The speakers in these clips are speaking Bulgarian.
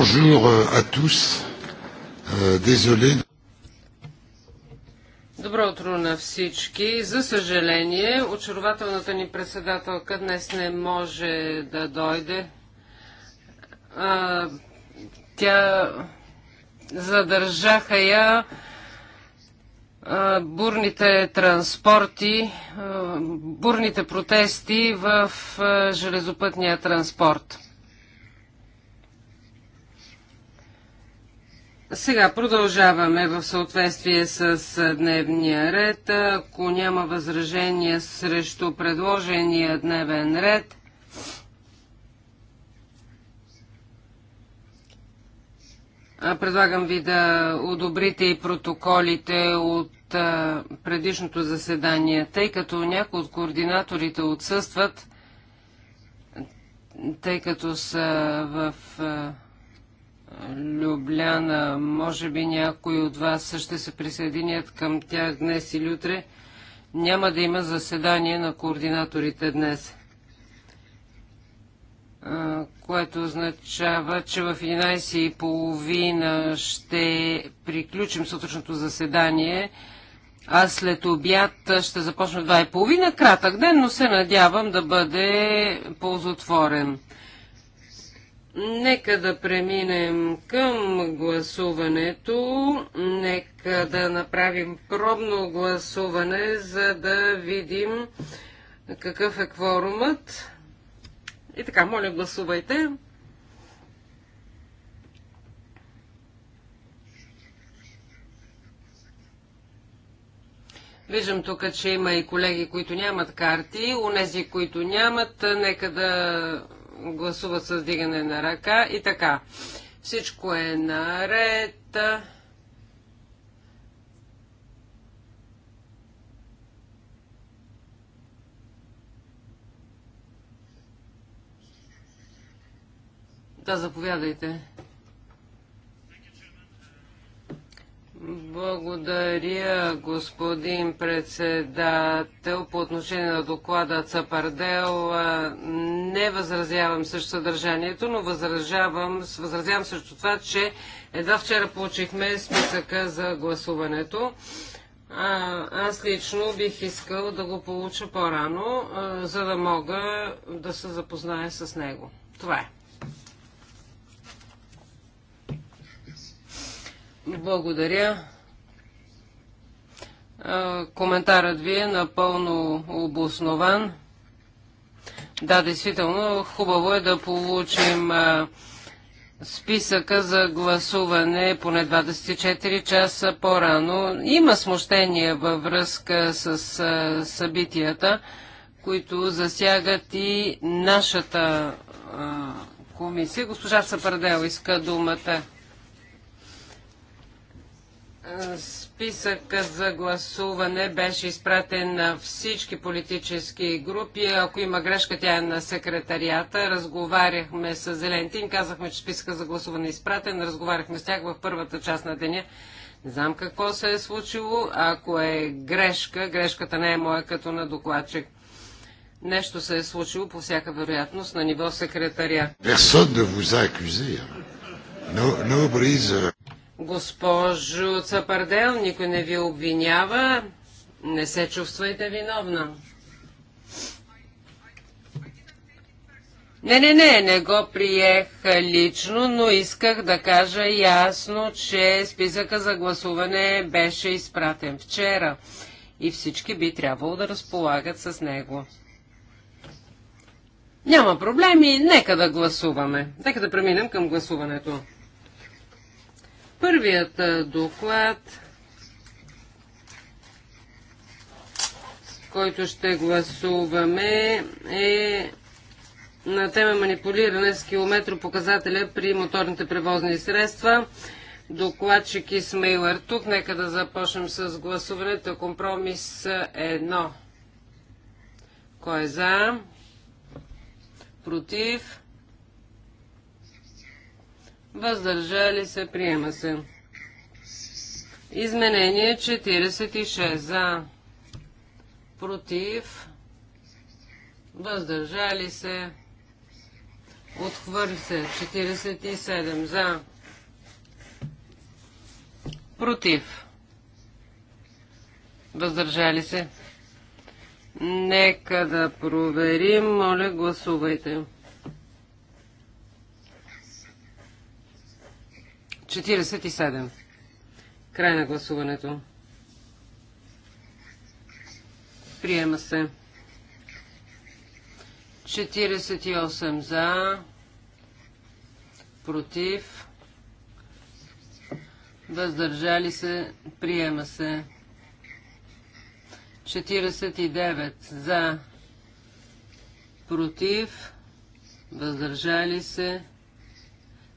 Bonjour euh, à tous. Euh, désolé. Добро утро на всички. За съжаление, очарователната ни председателка днес не може да дойде. А, тя задържаха я бурните транспорти, бурните протести в железопътния транспорт. Сега продължаваме в съответствие с дневния ред. Ако няма възражения срещу предложения дневен ред, предлагам ви да одобрите и протоколите от предишното заседание. Тъй като някои от координаторите отсъстват, тъй като са в Любляна. Може би някои от вас ще се присъединят към тях днес или утре. Няма да има заседание на координаторите днес. Което означава, че в 11.30 ще приключим сутрешното заседание. А след обяд ще започна 2.30. Кратък ден, но се надявам да бъде ползотворен. Нека да преминем към гласуването. Нека да направим пробно гласуване, за да видим какъв е кворумът. И така, моля, гласувайте. Виждам тук, че има и колеги, които нямат карти. Унези, които нямат, нека да гласуват с дигане на ръка и така. Всичко е наред. Да, заповядайте. Благодаря, господин председател. По отношение на доклада Цапардел не възразявам също съдържанието, но възражавам, възразявам също това, че едва вчера получихме списъка за гласуването. А, аз лично бих искал да го получа по-рано, за да мога да се запозная с него. Това е. Благодаря. Коментарът ви е напълно обоснован. Да, действително, хубаво е да получим списъка за гласуване поне 24 часа по-рано. Има смущение във връзка с събитията, които засягат и нашата комисия. Госпожа Сапардел иска думата. Списъкът за гласуване беше изпратен на всички политически групи. Ако има грешка, тя е на секретарията. Разговаряхме с Зелентин, казахме, че списъкът за гласуване е изпратен. Разговаряхме с тях в първата част на деня. Не знам какво се е случило. Ако е грешка, грешката не е моя като на докладчик. Нещо се е случило по всяка вероятност на ниво секретаря. Персон не ви a accusé. Госпожо Цапардел, никой не ви обвинява. Не се чувствайте виновна. Не, не, не, не го приех лично, но исках да кажа ясно, че списъка за гласуване беше изпратен вчера и всички би трябвало да разполагат с него. Няма проблеми, нека да гласуваме. Нека да преминем към гласуването. Първият доклад, който ще гласуваме, е на тема манипулиране с километропоказателя при моторните превозни средства. Докладчик Смейлър тук. Нека да започнем с гласуването. Компромис 1. Кой е за? Против? въздържали се, приема се. Изменение 46 за, против, въздържали се, отхвърли се, 47 за, против, въздържали се. Нека да проверим, моля гласувайте. 47. Край на гласуването. Приема се. 48 за, против, въздържали се, приема се. 49 за, против, въздържали се,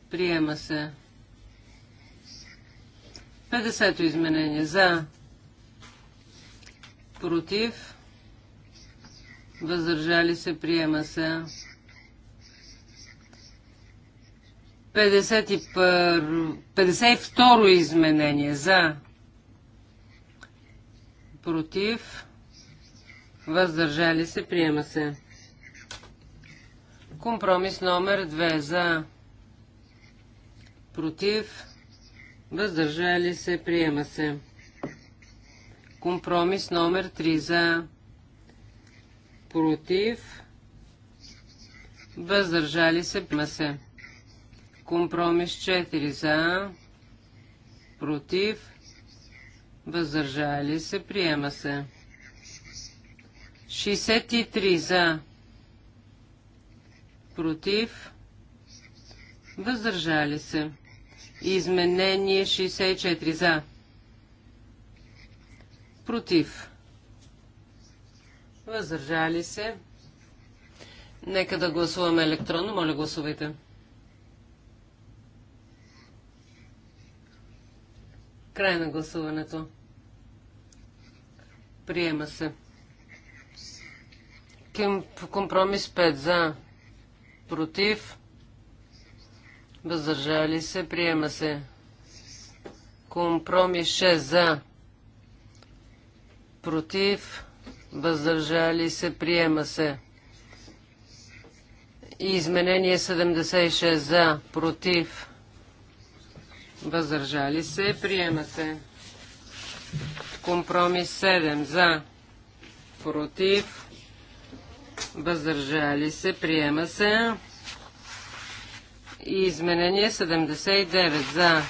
приема се. 50-то изменение за, против, въздържали се, приема се. 52-ро изменение за, против, въздържали се, приема се. Компромис номер 2 за, против, въздържали се, приема се. Компромис номер 3 за, против, въздържали се, приема се. Компромис 4 за, против, въздържали се, приема се. 63 за, против, въздържали се. Изменение 64 за. Против. Въздържали се. Нека да гласуваме електронно. Моля, гласувайте. Край на гласуването. Приема се. Компромис 5 за. Против. Въздържали се. Приема се. Компромис 6 за. Против. Въздържали се. Приема се. Изменение 76 за. Против. Въздържали се. Приема се. Компромис 7 за. Против. Въздържали се. Приема се. Изменение 79 за.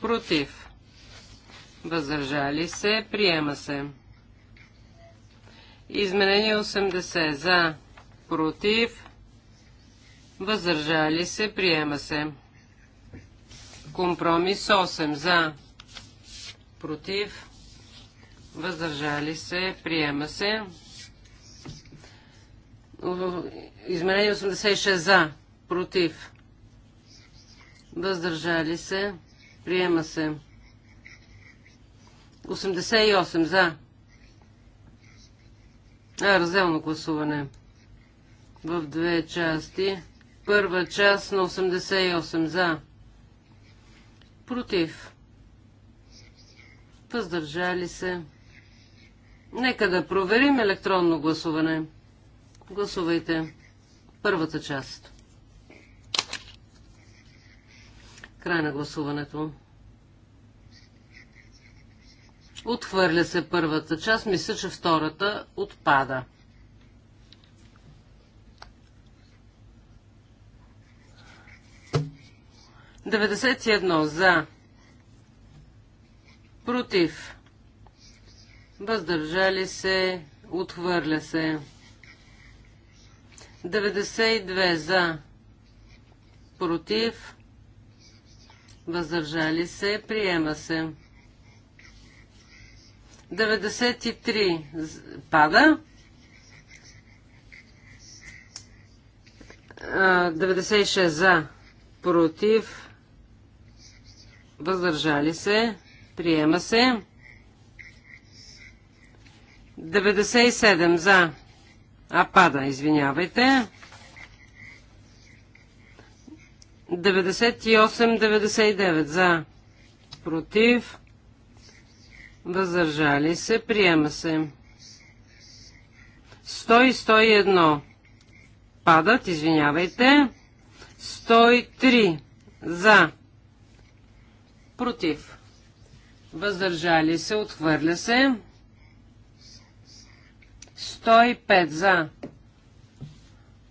Против. Въздържали се. Приема се. Изменение 80 за. Против. Въздържали се. Приема се. Компромис 8 за. Против. Въздържали се. Приема се. Изменение 86 за. Против въздържали се, приема се. 88 за. А, разделно гласуване. В две части. Първа част на 88 за. Против. Въздържали се. Нека да проверим електронно гласуване. Гласувайте първата част. Край на гласуването. Отхвърля се първата част, мисля, че втората отпада. Деветдесет едно за. Против. Въздържали се. Отхвърля се. 92 за. Против въздържали се, приема се. 93 пада. 96 за, против, въздържали се, приема се. 97 за, а пада, извинявайте. 98-99 за. Против. Въздържали се. Приема се. 100 101 падат, извинявайте. 103 за. Против. Въздържали се. Отхвърля се. 105 за.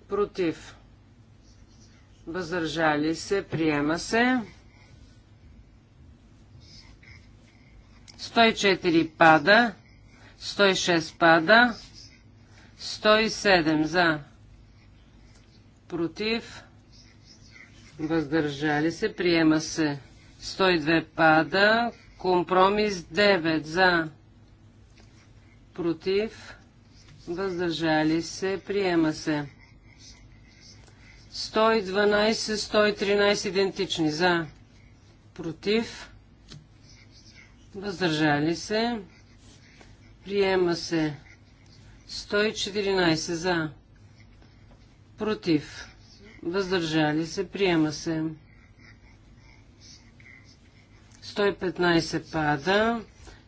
Против. Въздържали се. Приема се. 104 пада. 106 пада. 107 за. Против. Въздържали се. Приема се. 102 пада. Компромис 9 за. Против. Въздържали се. Приема се. 112, 113 идентични. За. Против. Въздържали се. Приема се. 114 за. Против. Въздържали се. Приема се. 115 пада.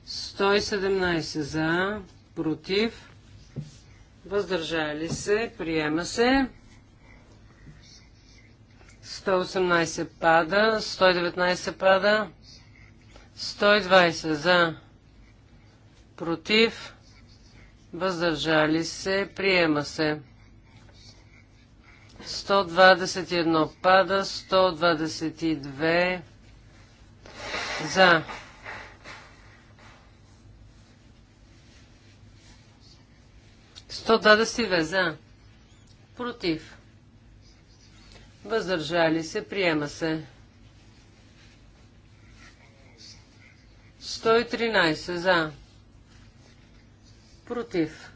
117 за. Против. Въздържали се. Приема се. 118 пада, 119 пада, 120 за, против, въздържали се, приема се. 121 пада, 122 за. Сто две за. Против. Въздържали се. Приема се. 113 за. Против.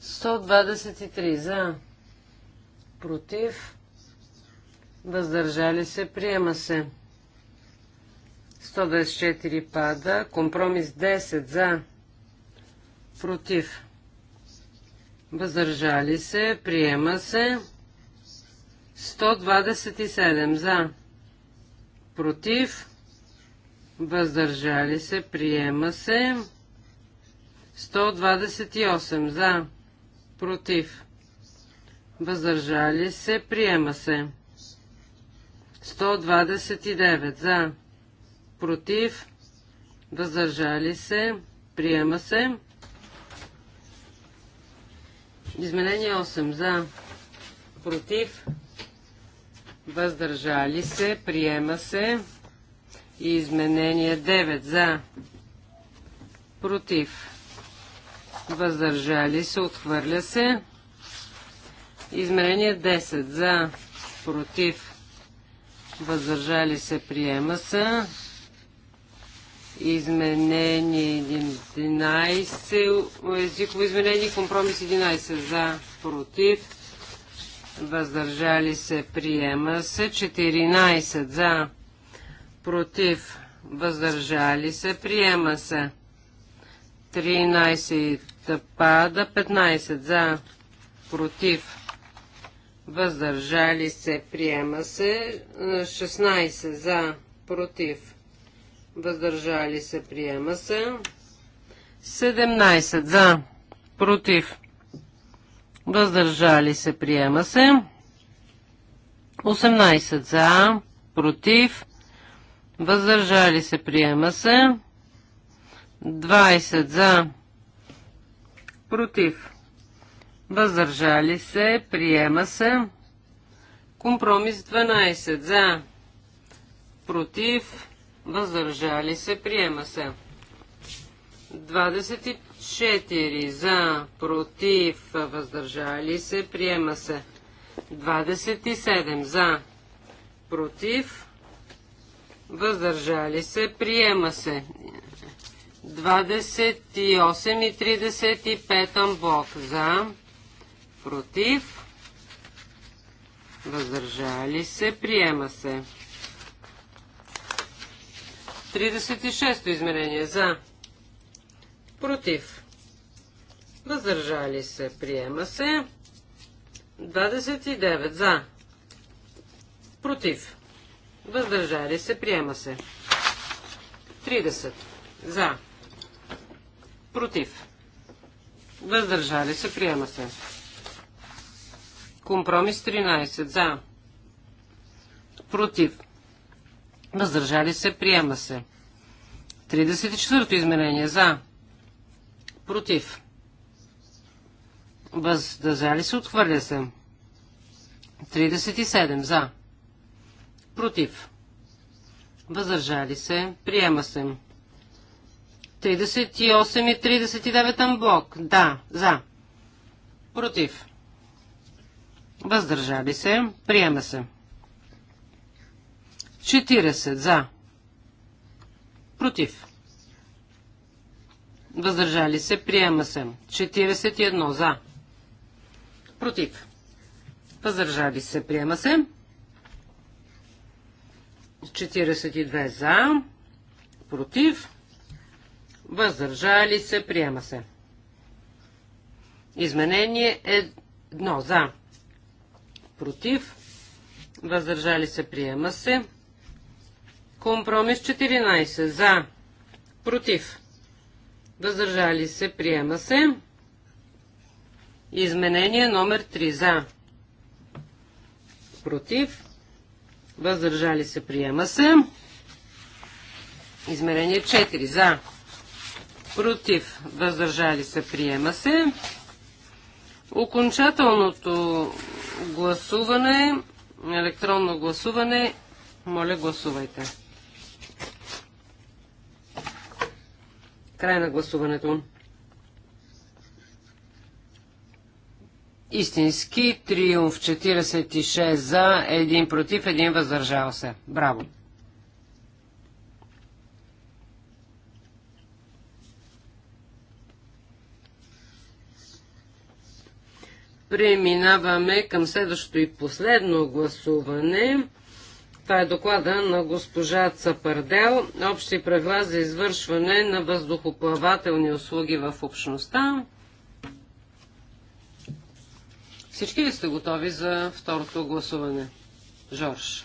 Сто двадесет и три за. Против. Въздържали се. Приема се. 124 пада. Компромис 10 за. Против. Въздържали се. Приема се. 127 за. Против. Въздържали се. Приема се. 128 за. Против. Въздържали се. Приема се. 129 за против, въздържали се, приема се. Изменение 8 за, против, въздържали се, приема се. И изменение 9 за, против, въздържали се, отхвърля се. Изменение 10 за, против, въздържали се, приема се. Изменение 11, езиково изменение, компромис 11 за, против, въздържали се, приема се, 14 за, против, въздържали се, приема се, 13 пада, 15 за, против, въздържали се, приема се, 16 за, против, въздържали се, приема се. 17 за, против, въздържали се, приема се. 18 за, против, въздържали се, приема се. 20 за, против, въздържали се, приема се. Компромис 12 за, против, въздържали се, приема се. 24 за, против, въздържали се, приема се. 27 за, против, въздържали се, приема се. 28 и 35 амбок за, против, въздържали се, приема се. 36-то изменение за. Против. Въздържали се. Приема се. 29 за. Против. Въздържали се. Приема се. 30 за. Против. Въздържали се. Приема се. Компромис 13 за. Против. Въздържали се. Приема се. 34-то изменение. За. Против. Въздържали се. Отхвърля се. 37. За. Против. Въздържали се. Приема се. 38 и 39 амблок. Да. За. Против. Въздържали се. Приема се. 40 за. Против. Въздържали се. Приема се. 41 за. Против. Въздържали се. Приема се. 42 за. Против. Въздържали се. Приема се. Изменение е 1 за. Против. Въздържали се. Приема се. Компромис 14. За. Против. Въздържали се. Приема се. Изменение номер 3. За. Против. Въздържали се. Приема се. Измерение 4. За. Против. Въздържали се. Приема се. Окончателното гласуване, електронно гласуване, моля гласувайте. Край на гласуването. Истински триумф 46 за, един против, един въздържал се. Браво! Преминаваме към следващото и последно гласуване. Това е доклада на госпожа Цапардел. Общи правила за извършване на въздухоплавателни услуги в общността. Всички ли сте готови за второто гласуване? Жорж.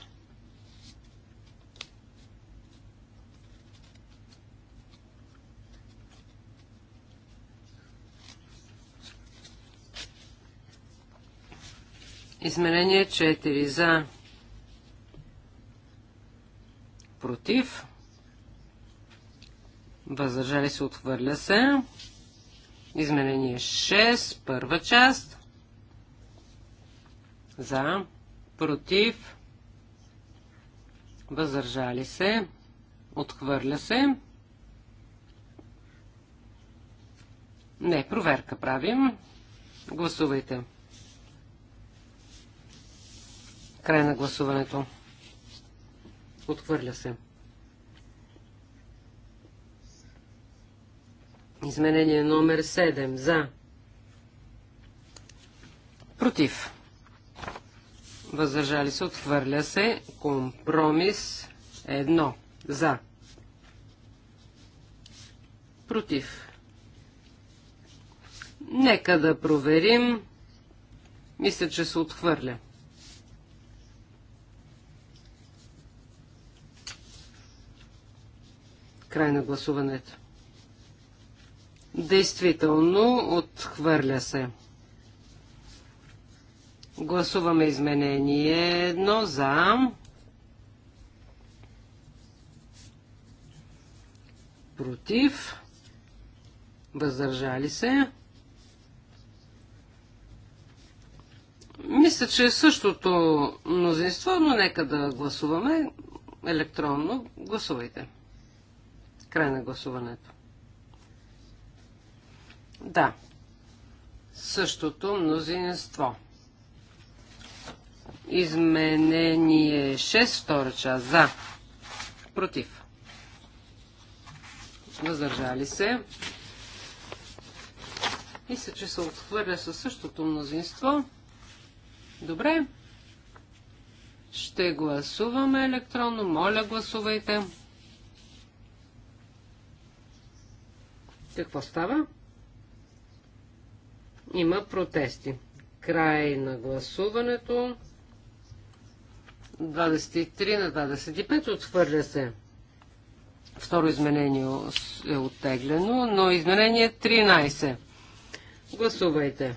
Изменение 4 за против, въздържали се, отхвърля се. Изменение 6, първа част. За, против, въздържали се, отхвърля се. Не, проверка правим. Гласувайте. Край на гласуването. Отхвърля се. Изменение номер 7. За. Против. Въздържали се. Отхвърля се. Компромис едно. За. Против. Нека да проверим. Мисля, че се отхвърля. Край на гласуването. Действително, отхвърля се. Гласуваме изменение едно за. Против. Въздържали се. Мисля, че е същото мнозинство, но нека да гласуваме електронно. Гласувайте. Край на гласуването. Да. Същото мнозинство. Изменение 6, втора част. За. Против. Въздържали се. Мисля, че се отхвърля със същото мнозинство. Добре. Ще гласуваме електронно. Моля, гласувайте. Какво става? Има протести. Край на гласуването. 23 на 25 отхвърля се. Второ изменение е оттеглено, но изменение 13. Гласувайте.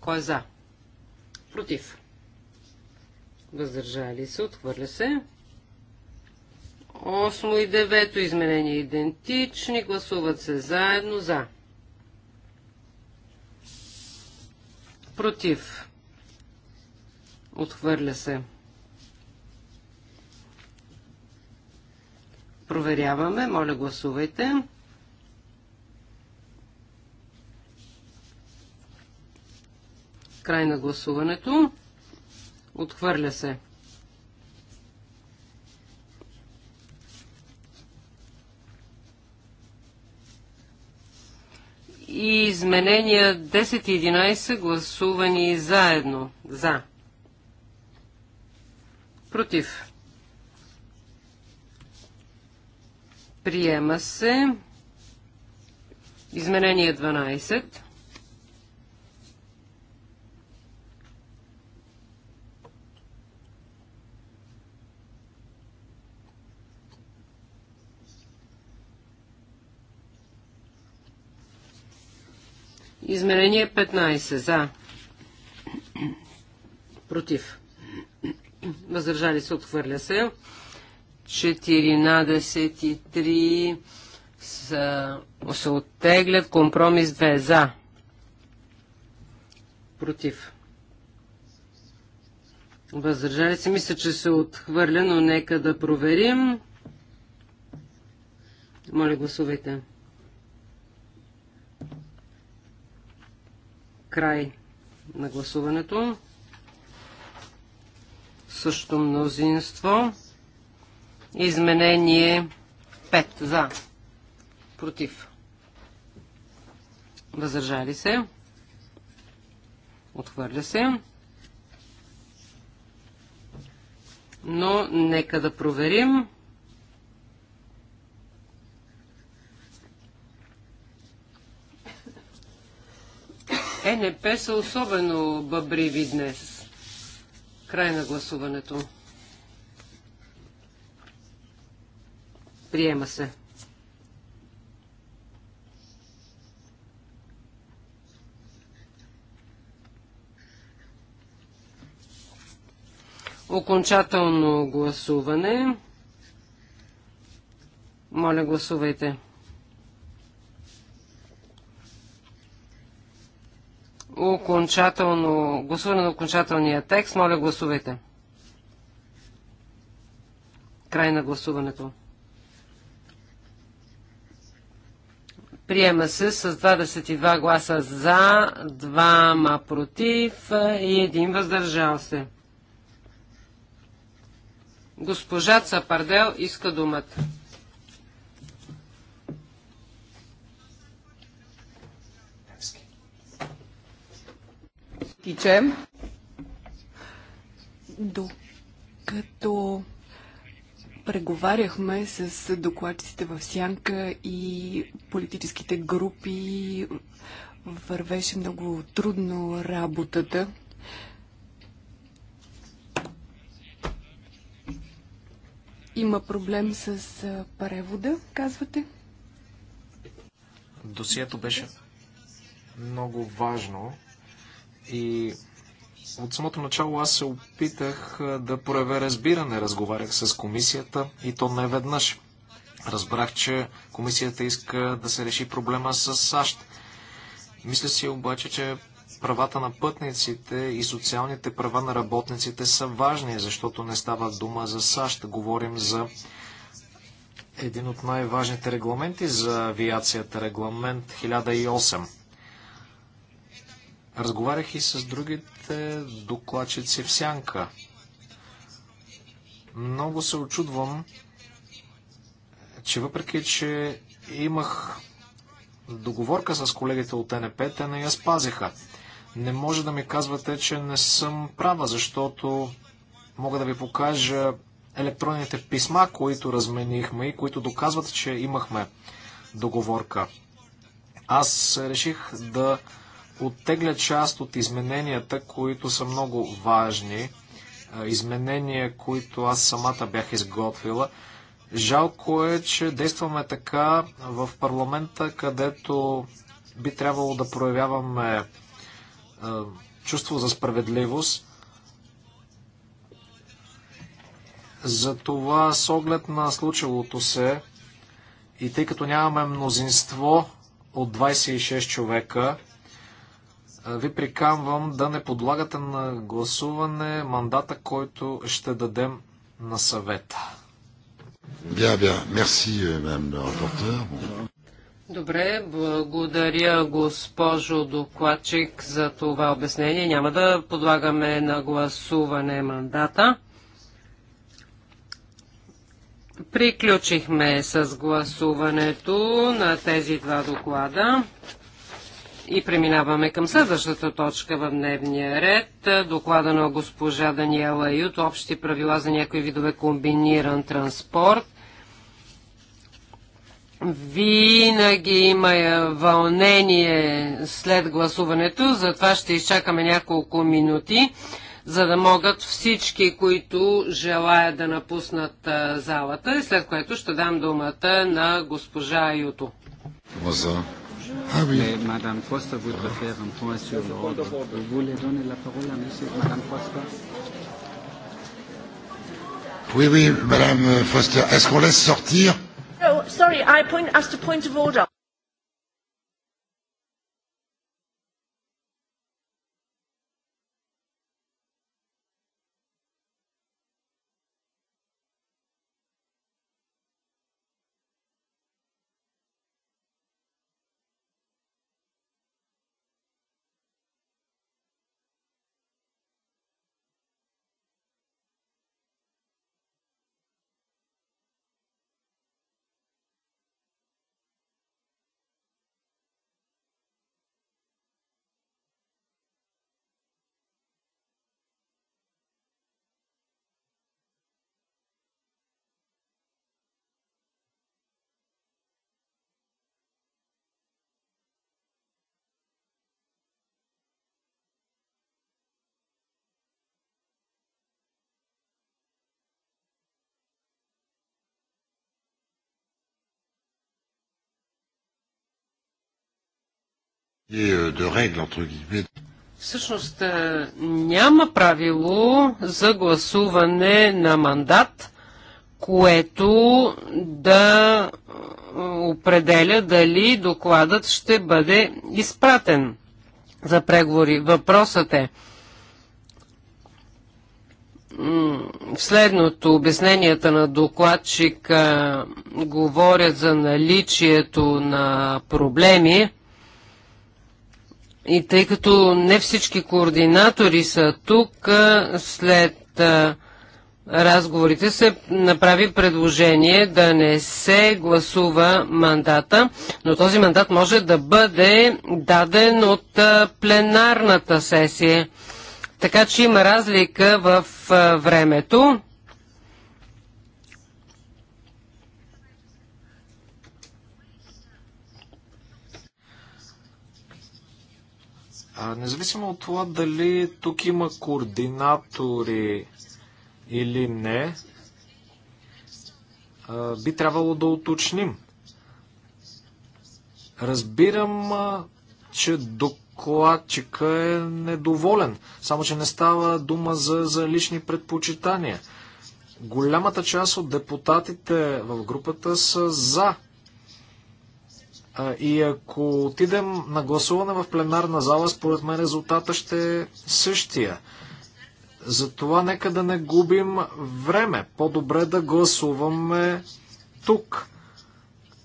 Кой е за? Против. Въздържали се, отхвърля се. Осмо и девето изменение идентични, гласуват се заедно за. Против. Отхвърля се. Проверяваме, моля гласувайте. Край на гласуването. Отхвърля се. и изменения 10 и 11 гласувани заедно. За. Против. Приема се. Изменение 12. Измерение 15. За. Против. Въздържали се. Отхвърля се. 143 са, се оттеглят. Компромис 2. За. Против. Въздържали се. Мисля, че се отхвърля, но нека да проверим. Моля, гласувайте. Край на гласуването. Също мнозинство. Изменение 5 за. Против. Въздържали се. Отхвърля се. Но нека да проверим. Е НП са особено бъбриви днес. Край на гласуването. Приема се. Окончателно гласуване. Моля, гласувайте. окончателно, гласуване на окончателния текст. Моля, гласувайте. Край на гласуването. Приема се с 22 гласа за, 2 против и 1 въздържал се. Госпожа Цапардел иска думата. Докато преговаряхме с докладчиците в Сянка и политическите групи, вървеше много трудно работата. Има проблем с превода, казвате? Досието беше много важно и от самото начало аз се опитах да проявя разбиране. Разговарях с комисията и то не веднъж. Разбрах, че комисията иска да се реши проблема с САЩ. Мисля си обаче, че правата на пътниците и социалните права на работниците са важни, защото не става дума за САЩ. Говорим за един от най-важните регламенти за авиацията, регламент 1008. Разговарях и с другите докладчици в сянка. Много се очудвам, че въпреки, че имах договорка с колегите от НП, те не я спазиха. Не може да ми казвате, че не съм права, защото мога да ви покажа електронните писма, които разменихме и които доказват, че имахме договорка. Аз реших да оттегля част от измененията, които са много важни. Изменения, които аз самата бях изготвила. Жалко е, че действаме така в парламента, където би трябвало да проявяваме чувство за справедливост. Затова с оглед на случилото се и тъй като нямаме мнозинство от 26 човека, ви приканвам да не подлагате на гласуване мандата, който ще дадем на съвета. Bien, bien. Merci, euh, madame Добре, благодаря госпожо докладчик за това обяснение. Няма да подлагаме на гласуване мандата. Приключихме с гласуването на тези два доклада. И преминаваме към следващата точка в дневния ред. Доклада на госпожа Даниела Ют. Общи правила за някои видове комбиниран транспорт. Винаги има вълнение след гласуването, затова ще изчакаме няколко минути, за да могат всички, които желаят да напуснат залата, след което ще дам думата на госпожа Юто. Ah oui. Mais Madame Costa voudrait faire un point sur l'ordre. Vous voulez donner la parole à Monsieur, Madame Costa Oui, oui, Madame Foster. Est-ce qu'on laisse sortir? oh, sorry, I point, asked a point of order. Euh, Всъщност е, няма правило за гласуване на мандат, което да е, определя дали докладът ще бъде изпратен за преговори. Въпросът е в следното обясненията на докладчика говорят за наличието на проблеми, и тъй като не всички координатори са тук, след разговорите се направи предложение да не се гласува мандата, но този мандат може да бъде даден от пленарната сесия. Така че има разлика в времето. Независимо от това дали тук има координатори или не, би трябвало да уточним. Разбирам, че докладчика е недоволен, само че не става дума за, за лични предпочитания. Голямата част от депутатите в групата са за и ако отидем на гласуване в пленарна зала, според мен резултата ще е същия. Затова нека да не губим време. По-добре да гласуваме тук.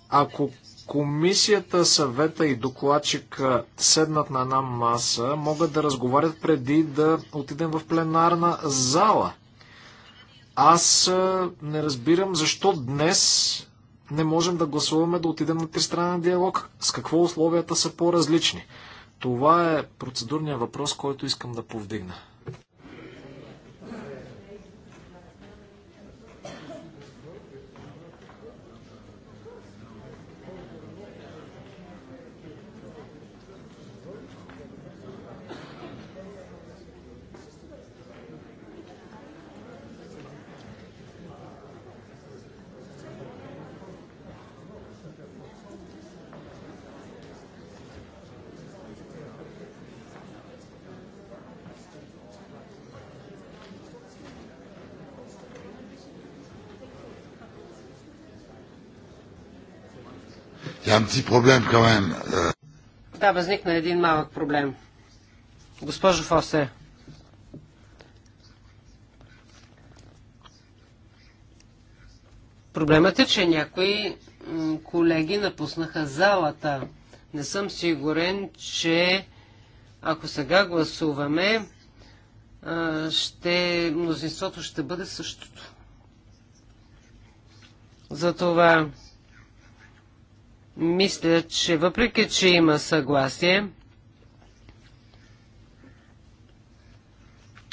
Ако комисията, съвета и докладчика седнат на една маса, могат да разговарят преди да отидем в пленарна зала. Аз не разбирам защо днес не можем да гласуваме да отидем на тристранен диалог? С какво условията са по-различни? Това е процедурният въпрос, който искам да повдигна. un petit problème quand même. Euh. Да, възникна един малък проблем. Госпожо Фосе, Проблемът е, че някои колеги напуснаха залата. Не съм сигурен, че ако сега гласуваме, ще, мнозинството ще бъде същото. Затова мисля, че въпреки, че има съгласие,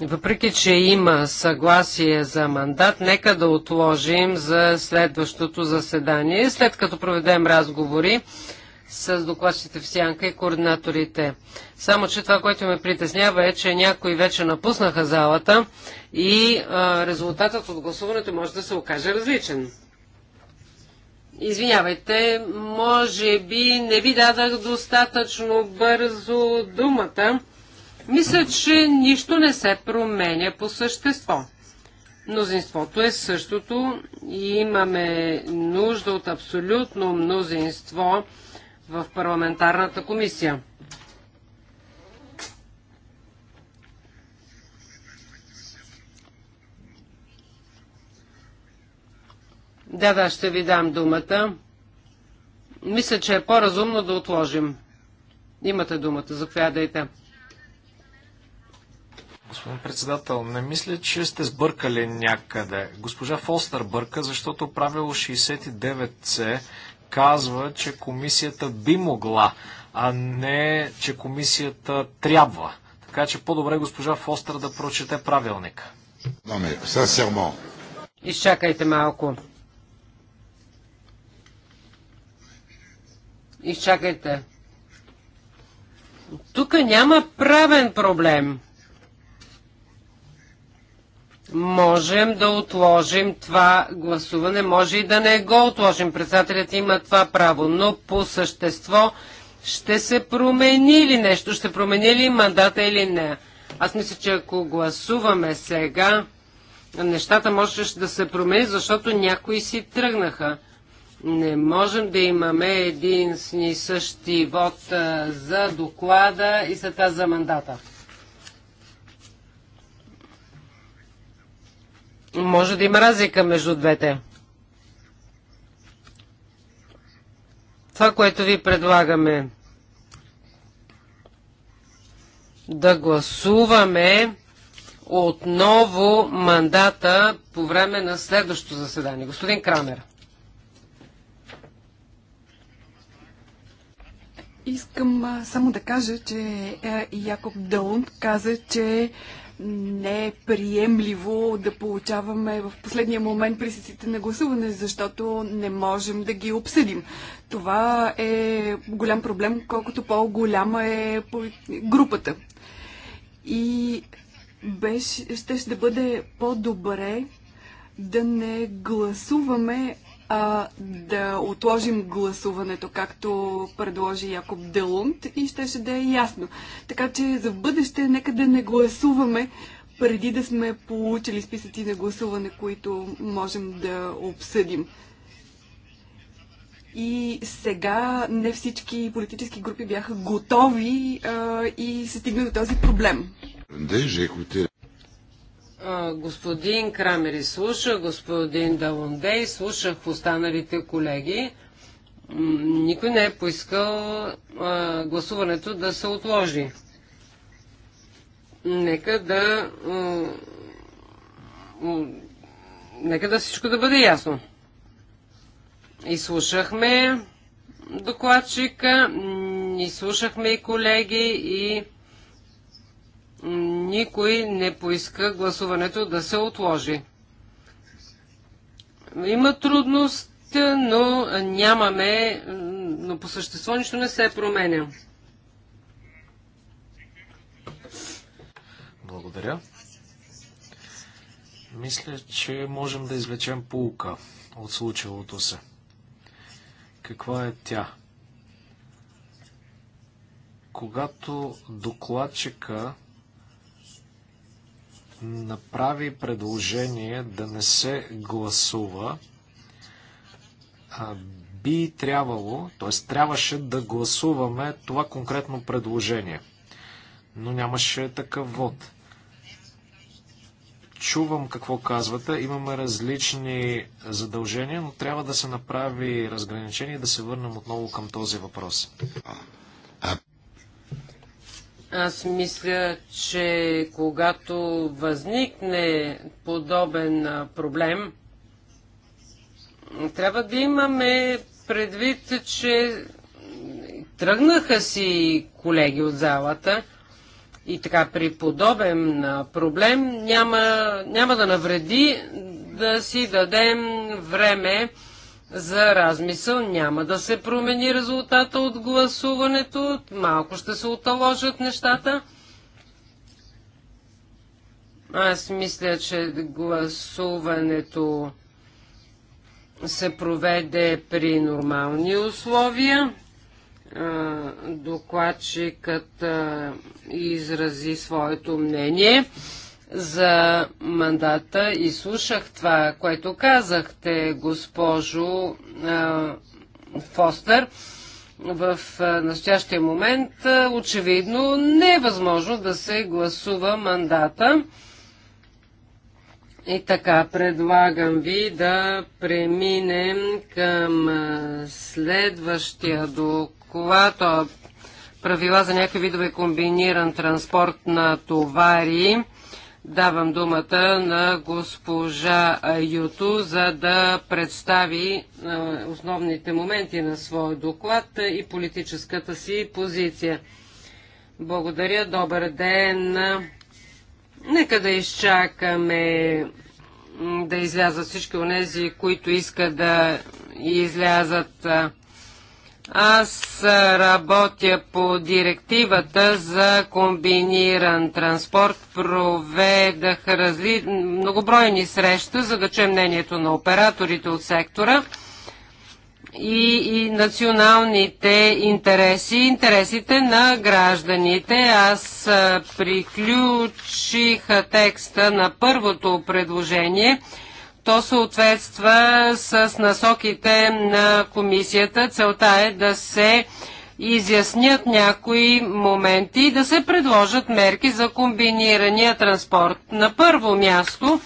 Въпреки, че има съгласие за мандат, нека да отложим за следващото заседание, след като проведем разговори с докладчите в сянка и координаторите. Само, че това, което ме притеснява е, че някои вече напуснаха залата и а, резултатът от гласуването може да се окаже различен. Извинявайте, може би не ви дадах достатъчно бързо думата. Мисля, че нищо не се променя по същество. Мнозинството е същото и имаме нужда от абсолютно мнозинство в парламентарната комисия. Да, да, ще ви дам думата. Мисля, че е по-разумно да отложим. Имате думата, заповядайте. Господин председател, не мисля, че сте сбъркали някъде. Госпожа Фостер бърка, защото правило 69C казва, че комисията би могла, а не, че комисията трябва. Така че по-добре госпожа Фостер да прочете правилника. Изчакайте малко. Изчакайте. Тук няма правен проблем. Можем да отложим това гласуване, може и да не го отложим. Председателят има това право, но по същество ще се промени ли нещо, ще промени ли мандата или не. Аз мисля, че ако гласуваме сега, нещата може да се промени, защото някои си тръгнаха. Не можем да имаме един ни същи вод за доклада и след това за мандата. Може да има разлика между двете. Това, което ви предлагаме да гласуваме отново мандата по време на следващото заседание. Господин Крамер. Искам само да кажа, че е, Якоб Дълн каза, че не е приемливо да получаваме в последния момент присъците на гласуване, защото не можем да ги обсъдим. Това е голям проблем, колкото по-голяма е групата. И беше, ще, ще бъде по-добре да не гласуваме а, да отложим гласуването, както предложи Якоб Делунт и щеше да е ясно. Така че за бъдеще нека да не гласуваме преди да сме получили списъци на гласуване, които можем да обсъдим. И сега не всички политически групи бяха готови а, и се стигна до този проблем. Да, господин Крамери слуша, господин Далундей, слушах останалите колеги. Никой не е поискал гласуването да се отложи. Нека да. Нека да всичко да бъде ясно. И слушахме докладчика, и слушахме и колеги, и никой не поиска гласуването да се отложи. Има трудност, но нямаме, но по същество нищо не се променя. Благодаря. Мисля, че можем да извлечем полука от случилото се. Каква е тя? Когато докладчика направи предложение да не се гласува, би трябвало, т.е. трябваше да гласуваме това конкретно предложение. Но нямаше такъв вод. Чувам какво казвате. Имаме различни задължения, но трябва да се направи разграничение и да се върнем отново към този въпрос. Аз мисля, че когато възникне подобен проблем, трябва да имаме предвид, че тръгнаха си колеги от залата и така при подобен проблем няма, няма да навреди да си дадем време за размисъл няма да се промени резултата от гласуването, малко ще се оталожат нещата. Аз мисля, че гласуването се проведе при нормални условия. Докладчикът изрази своето мнение за мандата и слушах това, което казахте, госпожо Фостер в настоящия момент очевидно не е възможно да се гласува мандата. И така, предлагам ви да преминем към следващия доклад. Е правила за някакви видове комбиниран транспорт на товари. Давам думата на госпожа Юту, за да представи е, основните моменти на своя доклад и политическата си позиция. Благодаря, добър ден. Нека да изчакаме да излязат всички от тези, които искат да излязат. Е, аз работя по директивата за комбиниран транспорт. Проведах разли... многобройни срещи, за да чуем мнението на операторите от сектора и, и националните интереси, интересите на гражданите. Аз приключих текста на първото предложение – то съответства с насоките на комисията. Целта е да се изяснят някои моменти и да се предложат мерки за комбинирания транспорт. На първо място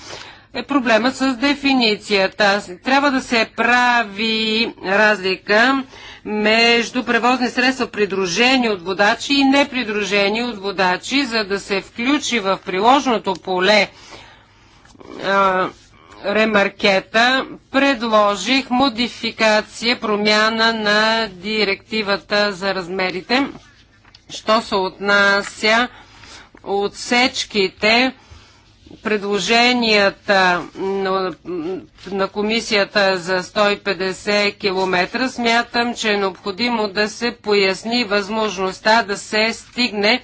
е проблемът с дефиницията. Трябва да се прави разлика между превозни средства придружени от водачи и непридружени от водачи, за да се включи в приложното поле а, ремаркета предложих модификация, промяна на директивата за размерите. Що се отнася отсечките, предложенията на, на комисията за 150 км, смятам, че е необходимо да се поясни възможността да се стигне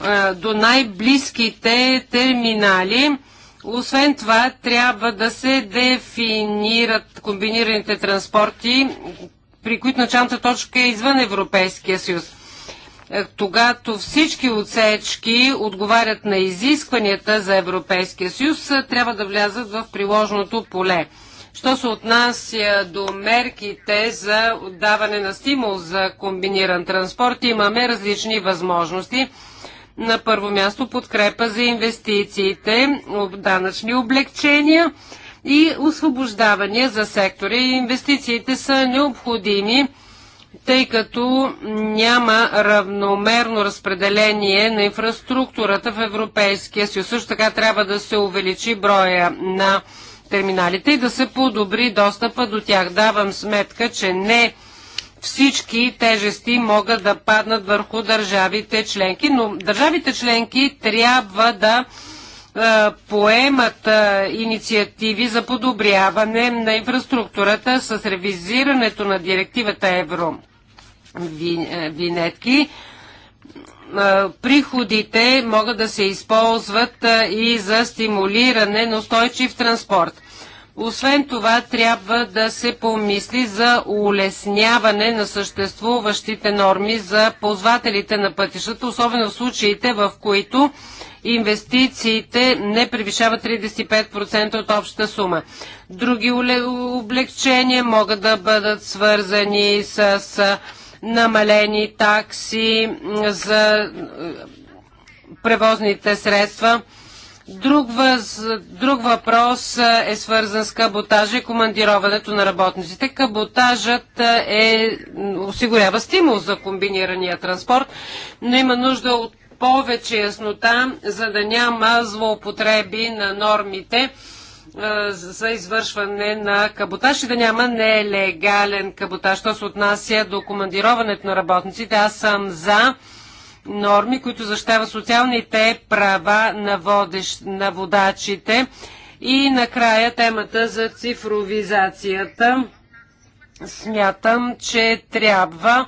а, до най-близките терминали освен това, трябва да се дефинират комбинираните транспорти, при които началната точка е извън Европейския съюз. Е, когато всички отсечки отговарят на изискванията за Европейския съюз, е, трябва да влязат в приложното поле. Що се отнася до мерките за даване на стимул за комбиниран транспорт, имаме различни възможности – на първо място подкрепа за инвестициите, данъчни облегчения и освобождавания за сектори. Инвестициите са необходими, тъй като няма равномерно разпределение на инфраструктурата в Европейския съюз. Също така трябва да се увеличи броя на терминалите и да се подобри достъпа до тях. Давам сметка, че не всички тежести могат да паднат върху държавите членки, но държавите членки трябва да е, поемат е, инициативи за подобряване на инфраструктурата с ревизирането на директивата Евро е, винетки. Приходите могат да се използват и за стимулиране на устойчив транспорт. Освен това, трябва да се помисли за улесняване на съществуващите норми за ползвателите на пътищата, особено в случаите, в които инвестициите не превишават 35% от общата сума. Други облегчения могат да бъдат свързани с намалени такси за превозните средства – Друг, въз, друг въпрос е, е свързан с каботажа и командироването на работниците. Каботажът е, е, осигурява стимул за комбинирания транспорт, но има нужда от повече яснота, за да няма злоупотреби на нормите е, за извършване на каботаж и да няма нелегален каботаж. Що се отнася до командироването на работниците, аз съм за норми, които защитават социалните права на, водещ, на водачите. И накрая темата за цифровизацията. Смятам, че трябва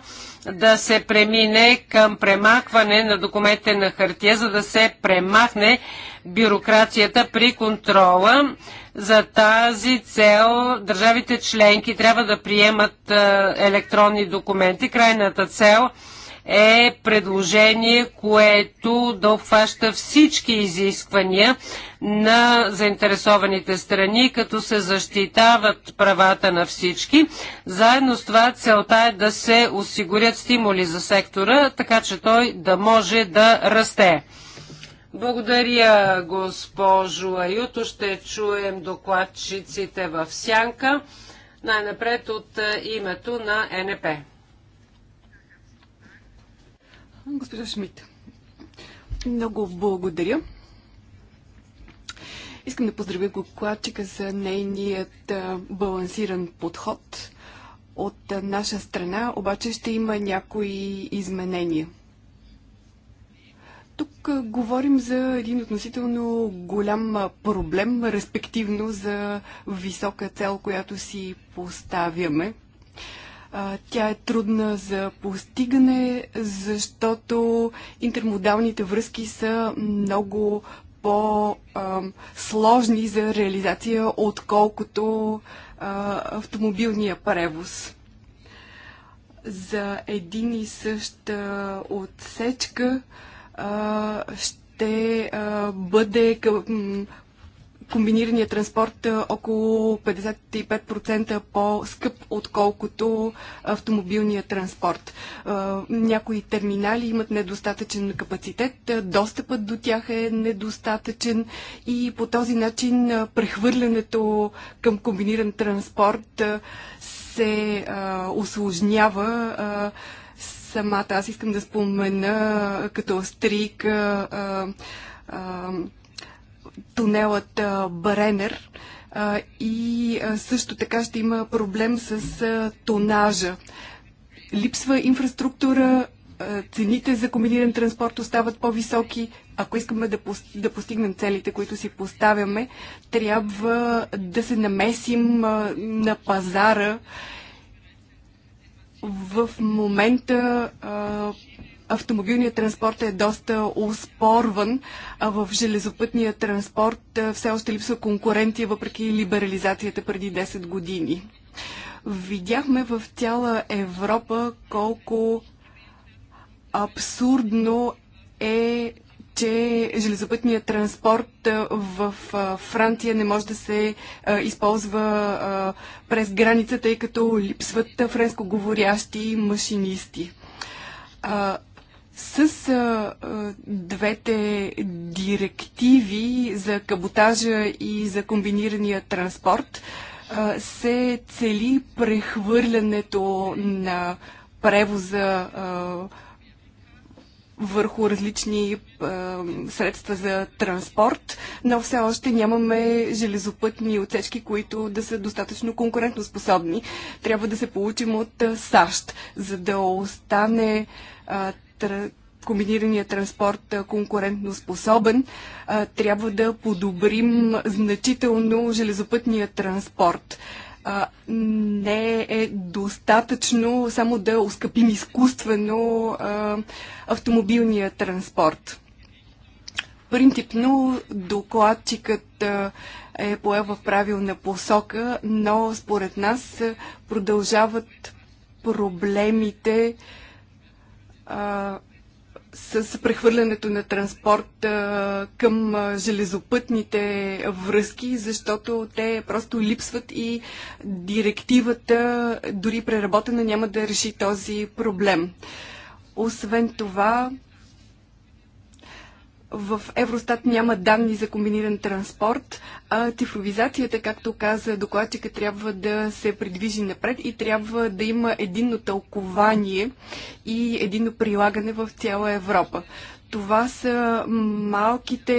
да се премине към премахване на документите на хартия, за да се премахне бюрокрацията при контрола. За тази цел държавите членки трябва да приемат е, електронни документи. Крайната цел е е предложение, което да обхваща всички изисквания на заинтересованите страни, като се защитават правата на всички. Заедно с това целта е да се осигурят стимули за сектора, така че той да може да расте. Благодаря, госпожо Аюто. Ще чуем докладчиците в сянка. Най-напред от е, името на НП. Госпожа Шмидт, много благодаря. Искам да поздравя докладчика за нейният балансиран подход. От наша страна обаче ще има някои изменения. Тук говорим за един относително голям проблем, респективно за висока цел, която си поставяме. Тя е трудна за постигане, защото интермодалните връзки са много по-сложни за реализация, отколкото автомобилния превоз. За един и същ отсечка ще бъде комбинирания транспорт е, около 55% по-скъп, отколкото автомобилния транспорт. Е, някои терминали имат недостатъчен капацитет, е, достъпът до тях е недостатъчен и по този начин прехвърлянето към комбиниран транспорт се осложнява самата. Аз искам да спомена като стрик, тунелът Баренер и също така ще има проблем с тонажа. Липсва инфраструктура, цените за комбиниран транспорт остават по-високи. Ако искаме да, да постигнем целите, които си поставяме, трябва да се намесим на пазара. В момента автомобилният транспорт е доста успорван, а в железопътния транспорт все още липсва конкуренция, въпреки либерализацията преди 10 години. Видяхме в цяла Европа колко абсурдно е че железопътният транспорт в Франция не може да се използва през границата, тъй като липсват френскоговорящи машинисти. С а, двете директиви за каботажа и за комбинирания транспорт а, се цели прехвърлянето на превоза а, върху различни а, средства за транспорт, но все още нямаме железопътни отсечки, които да са достатъчно конкурентоспособни. Трябва да се получим от а, САЩ, за да остане а, комбинирания транспорт конкурентно способен, трябва да подобрим значително железопътния транспорт. Не е достатъчно само да ускъпим изкуствено автомобилния транспорт. Принципно докладчикът е поел в правилна посока, но според нас продължават проблемите, а, с прехвърлянето на транспорт а, към а, железопътните връзки, защото те просто липсват и директивата, дори преработена, няма да реши този проблем. Освен това, в Евростат няма данни за комбиниран транспорт, а цифровизацията, както каза докладчика, трябва да се придвижи напред и трябва да има единно тълкование и единно прилагане в цяла Европа. Това са малките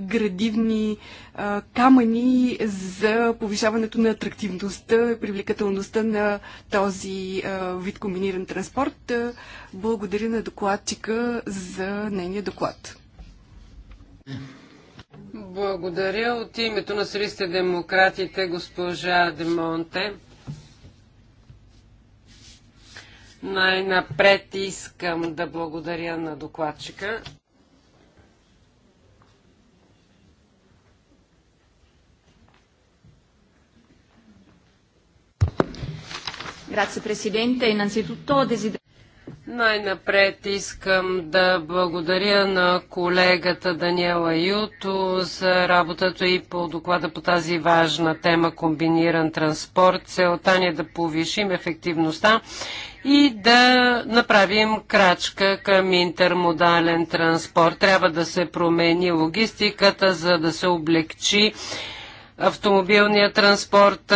градивни а, камъни за повишаването на атрактивността и привлекателността на този а, вид комбиниран транспорт. Благодаря на докладчика за нейния доклад. Благодаря от името на Сирийските демократите, госпожа Демонте. Най-напред искам да благодаря на докладчика. Grazie Presidente, innanzitutto desidero... Най-напред искам да благодаря на колегата Даниела Юто за работата и по доклада по тази важна тема комбиниран транспорт. Целта ни е да повишим ефективността и да направим крачка към интермодален транспорт. Трябва да се промени логистиката, за да се облегчи автомобилния транспорт,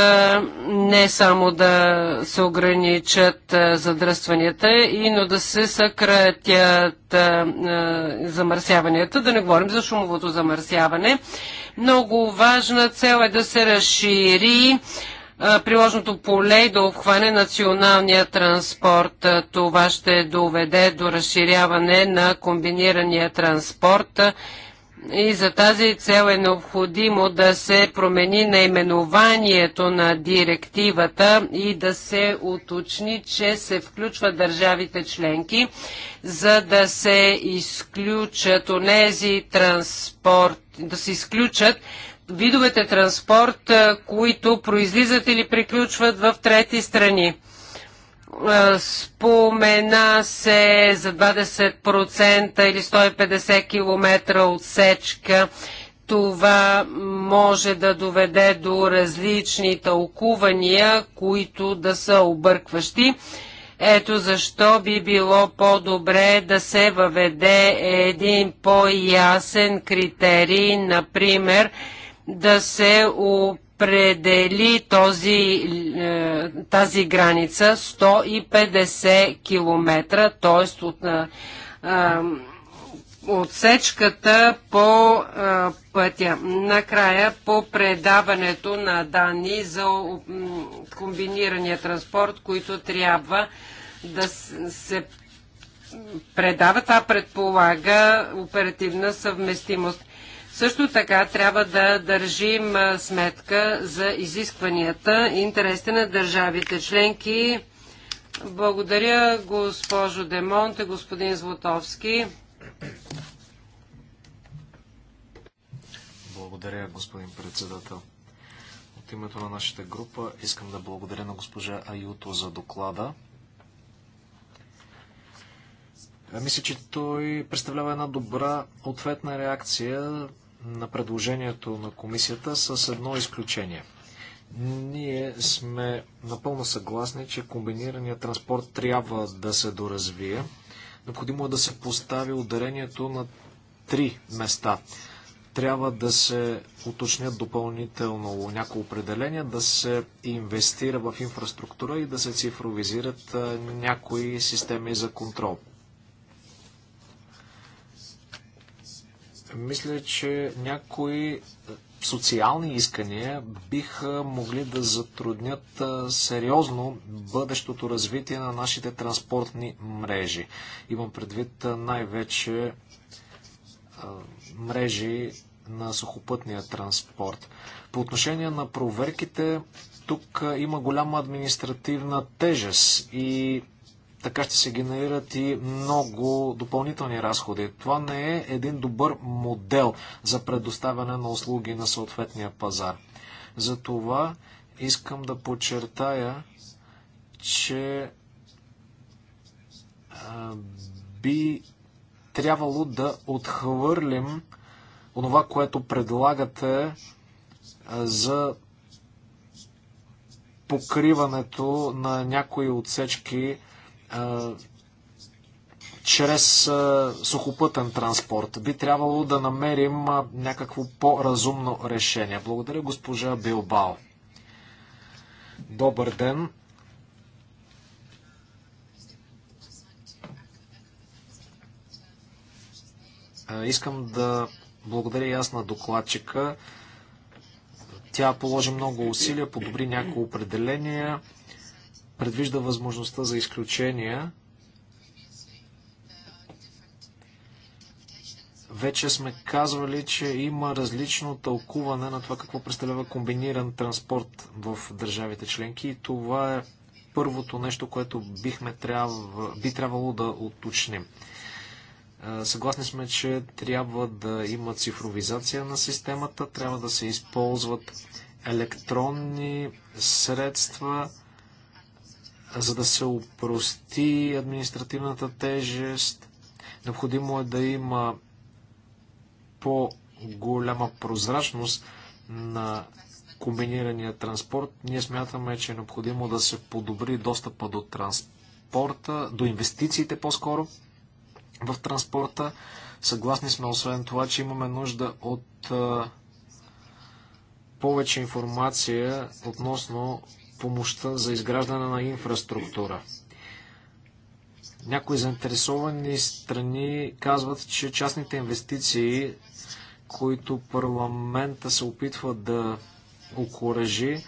не само да се ограничат задръстванията, и но да се съкратят замърсяванията, да не говорим за шумовото замърсяване. Много важна цел е да се разшири приложното поле и да обхване националния транспорт. Това ще доведе до разширяване на комбинирания транспорт и за тази цел е необходимо да се промени наименованието на директивата и да се уточни, че се включва държавите членки, за да се изключат онези транспорт, да се изключат видовете транспорт, които произлизат или приключват в трети страни. Е, спомена се за 20% или 150 км отсечка. Това може да доведе до различни тълкувания, които да са объркващи. Ето защо би било по-добре да се въведе един по-ясен критерий, например, да се Предели този, е, тази граница 150 км, т.е. от е, е, отсечката по пътя. Накрая по предаването на данни за комбинирания транспорт, които трябва да се предава. Това предполага оперативна съвместимост. Също така трябва да държим сметка за изискванията и интересите на държавите членки. Благодаря госпожо Демонт и господин Златовски. Благодаря, господин председател. От името на нашата група искам да благодаря на госпожа Аюто за доклада. Мисля, че той представлява една добра ответна реакция на предложението на комисията с едно изключение. Ние сме напълно съгласни, че комбинираният транспорт трябва да се доразвие. Необходимо е да се постави ударението на три места. Трябва да се уточнят допълнително някои определения, да се инвестира в инфраструктура и да се цифровизират някои системи за контрол. Мисля, че някои социални искания биха могли да затруднят сериозно бъдещото развитие на нашите транспортни мрежи. Имам предвид най-вече мрежи на сухопътния транспорт. По отношение на проверките, тук има голяма административна тежест и така ще се генерират и много допълнителни разходи. Това не е един добър модел за предоставяне на услуги на съответния пазар. Затова искам да подчертая, че би трябвало да отхвърлим онова, което предлагате за покриването на някои отсечки чрез сухопътен транспорт. Би трябвало да намерим някакво по-разумно решение. Благодаря госпожа Билбао. Добър ден. Искам да благодаря и аз на докладчика. Тя положи много усилия, подобри някои определения предвижда възможността за изключения. Вече сме казвали, че има различно тълкуване на това какво представлява комбиниран транспорт в държавите членки и това е първото нещо, което бихме трябва, би трябвало да уточним. Съгласни сме, че трябва да има цифровизация на системата, трябва да се използват електронни средства, за да се упрости административната тежест. Необходимо е да има по-голяма прозрачност на комбинирания транспорт. Ние смятаме, че е необходимо да се подобри достъпа до транспорта, до инвестициите по-скоро в транспорта. Съгласни сме освен това, че имаме нужда от повече информация относно помощта за изграждане на инфраструктура. Някои заинтересовани страни казват, че частните инвестиции, които парламента се опитва да окоръжи,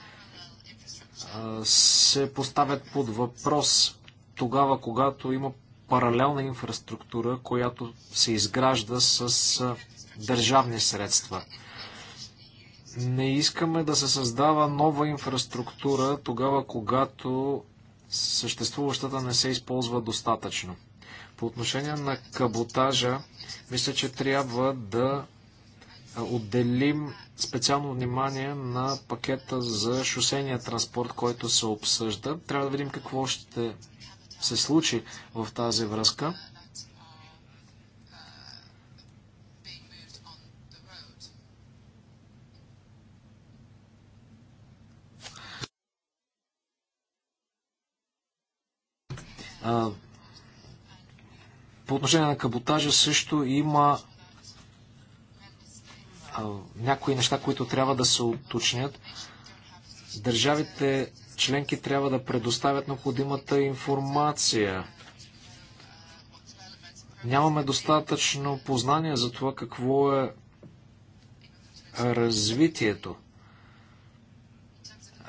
се поставят под въпрос тогава, когато има паралелна инфраструктура, която се изгражда с държавни средства. Не искаме да се създава нова инфраструктура тогава, когато съществуващата не се използва достатъчно. По отношение на каботажа, мисля, че трябва да отделим специално внимание на пакета за шосения транспорт, който се обсъжда. Трябва да видим какво ще се случи в тази връзка. По отношение на каботажа също има някои неща, които трябва да се уточнят. Държавите членки трябва да предоставят необходимата информация. Нямаме достатъчно познание за това какво е развитието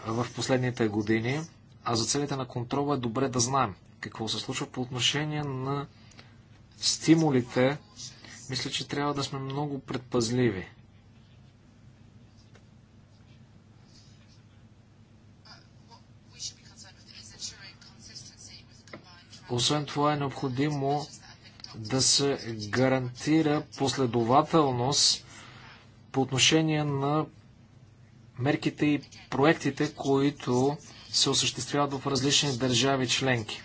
в последните години, а за целите на контрола е добре да знаем какво се случва по отношение на стимулите, мисля, че трябва да сме много предпазливи. Освен това е необходимо да се гарантира последователност по отношение на мерките и проектите, които се осъществяват в различни държави членки.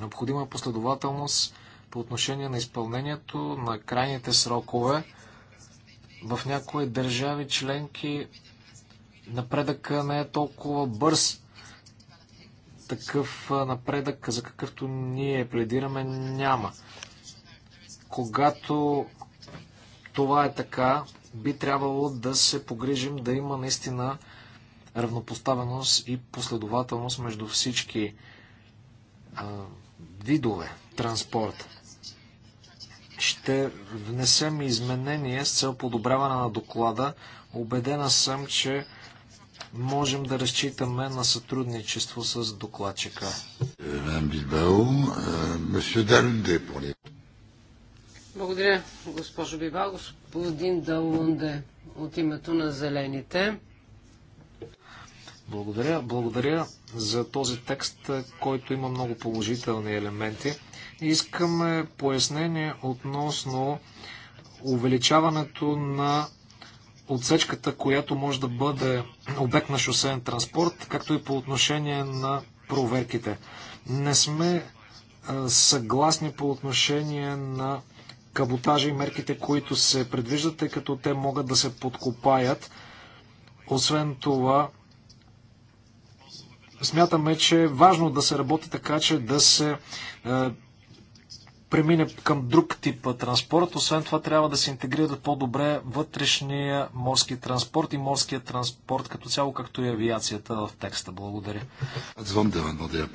Необходима е последователност по отношение на изпълнението на крайните срокове. В някои държави членки напредъка не е толкова бърз. Такъв напредък, за какъвто ние пледираме, няма. Когато това е така, би трябвало да се погрижим да има наистина равнопоставеност и последователност между всички а, видове транспорт. Ще внесем изменения с цел подобряване на доклада. Обедена съм, че можем да разчитаме на сътрудничество с докладчика. Благодаря, госпожо Бибал. Господин Далунде от името на Зелените. Благодаря. Благодаря за този текст, който има много положителни елементи. Искаме пояснение относно увеличаването на отсечката, която може да бъде обект на шосеен транспорт, както и по отношение на проверките. Не сме съгласни по отношение на каботажа и мерките, които се предвиждат, тъй като те могат да се подкопаят. Освен това, смятаме, че е важно да се работи така, че да се е, премине към друг тип транспорт. Освен това, трябва да се интегрират по-добре вътрешния морски транспорт и морския транспорт като цяло, както и авиацията в текста. Благодаря. Благодаря.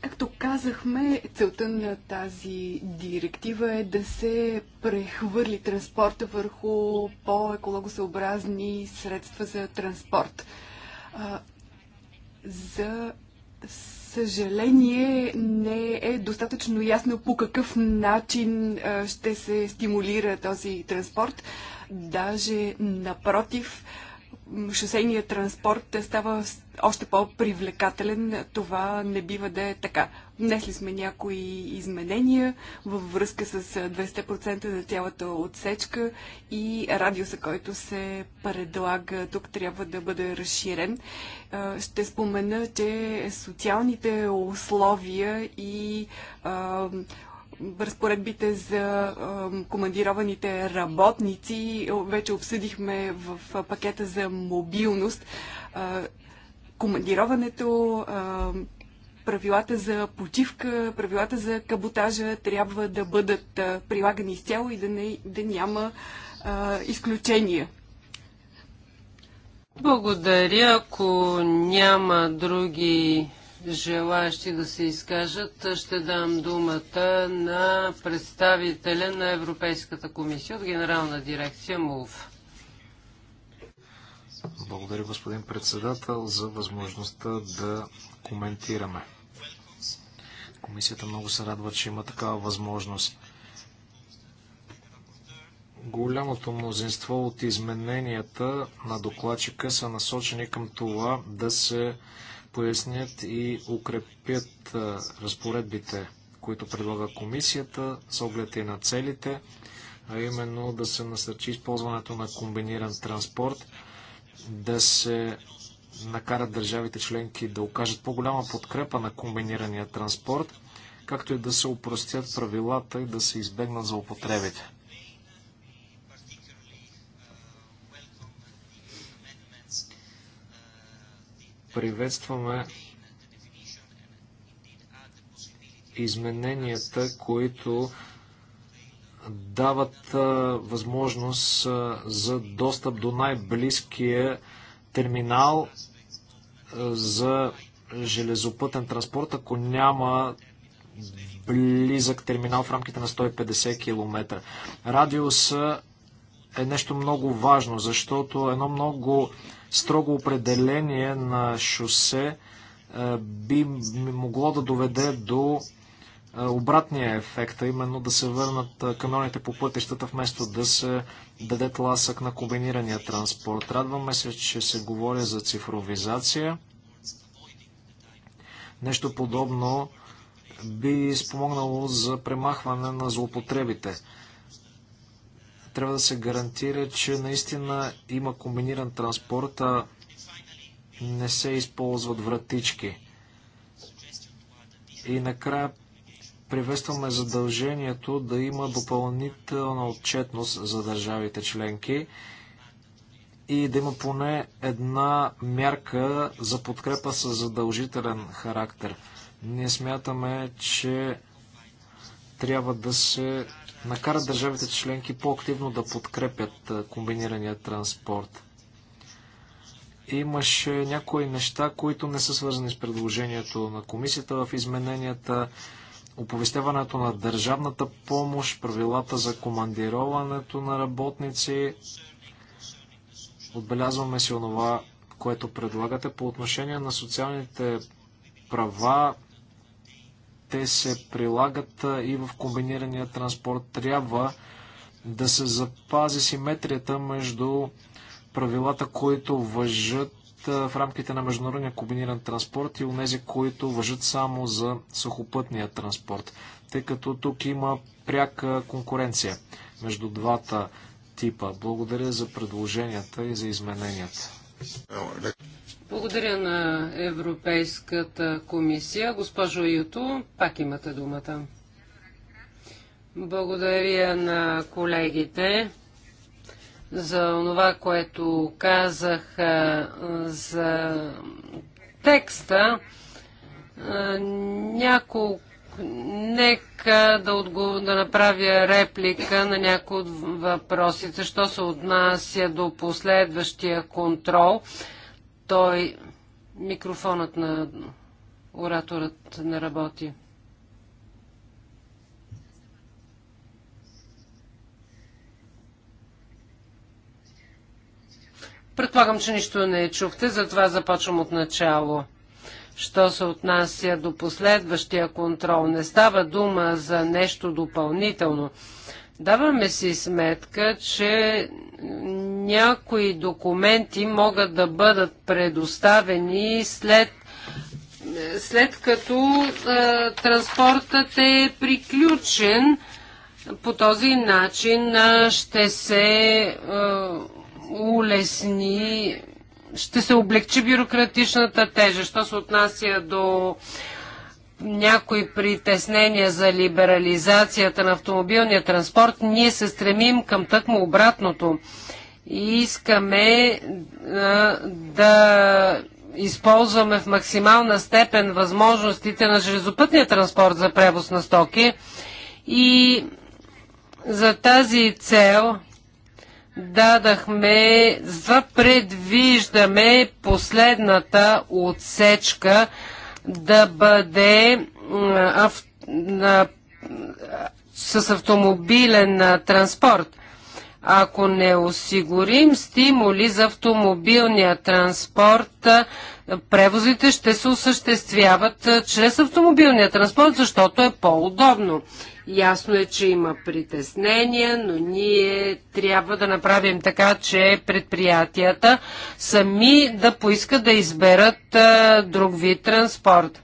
Както казахме, целта на тази директива е да се прехвърли транспорта върху по-екологосъобразни средства за транспорт. За съжаление не е достатъчно ясно по какъв начин ще се стимулира този транспорт. Даже напротив, шосейният транспорт става още по-привлекателен. Това не бива да е така. Внесли сме някои изменения във връзка с 200% за цялата отсечка и радиуса, който се предлага тук, трябва да бъде разширен. Ще спомена, че социалните условия и разпоредбите за командированите работници вече обсъдихме в пакета за мобилност командироването, правилата за почивка, правилата за каботажа трябва да бъдат прилагани изцяло и да, не, да няма изключения. Благодаря. Ако няма други желаящи да се изкажат, ще дам думата на представителя на Европейската комисия от Генерална дирекция МУВ. Благодаря, господин председател, за възможността да коментираме. Комисията много се радва, че има такава възможност. Голямото мнозинство от измененията на докладчика са насочени към това да се пояснят и укрепят разпоредбите, които предлага комисията с оглед и на целите, а именно да се насърчи използването на комбиниран транспорт – да се накарат държавите членки да окажат по-голяма подкрепа на комбинирания транспорт, както и да се упростят правилата и да се избегнат за употребите. Приветстваме измененията, които дават възможност за достъп до най-близкия терминал за железопътен транспорт, ако няма близък терминал в рамките на 150 км. Радиус е нещо много важно, защото едно много строго определение на шосе би могло да доведе до обратния ефект, а е именно да се върнат камионите по пътищата, вместо да се даде тласък на комбинирания транспорт. Радваме се, че се говори за цифровизация. Нещо подобно би спомогнало за премахване на злоупотребите. Трябва да се гарантира, че наистина има комбиниран транспорт, а не се използват вратички. И накрая приветстваме задължението да има допълнителна отчетност за държавите членки и да има поне една мярка за подкрепа с задължителен характер. Ние смятаме, че трябва да се накарат държавите членки по-активно да подкрепят комбинирания транспорт. Имаше някои неща, които не са свързани с предложението на комисията в измененията оповестяването на държавната помощ, правилата за командироването на работници. Отбелязваме си онова, което предлагате по отношение на социалните права. Те се прилагат и в комбинирания транспорт. Трябва да се запази симетрията между правилата, които въжат в рамките на международния комбиниран транспорт и онези, които въжат само за сухопътния транспорт, тъй като тук има пряка конкуренция между двата типа. Благодаря за предложенията и за измененията. Благодаря на Европейската комисия. Госпожо Юто, пак имате думата. Благодаря на колегите за това, което казах за текста. Няколко Нека да, отгов... да направя реплика на някои от въпросите. Що се отнася до последващия контрол, той микрофонът на ораторът не работи. Предполагам, че нищо не чухте, затова започвам от начало. Що се отнася до последващия контрол, не става дума за нещо допълнително. Даваме си сметка, че някои документи могат да бъдат предоставени след, след като е, транспортът е приключен. По този начин ще се е, улесни, ще се облегчи бюрократичната тежа. Що се отнася до някои притеснения за либерализацията на автомобилния транспорт, ние се стремим към тъкмо обратното. И искаме а, да използваме в максимална степен възможностите на железопътния транспорт за превоз на стоки и за тази цел дадахме, за предвиждаме последната отсечка да бъде ав, на, с автомобилен транспорт. Ако не осигурим стимули за автомобилния транспорт, превозите ще се осъществяват чрез автомобилния транспорт, защото е по-удобно. Ясно е, че има притеснения, но ние трябва да направим така, че предприятията сами да поискат да изберат друг вид транспорт.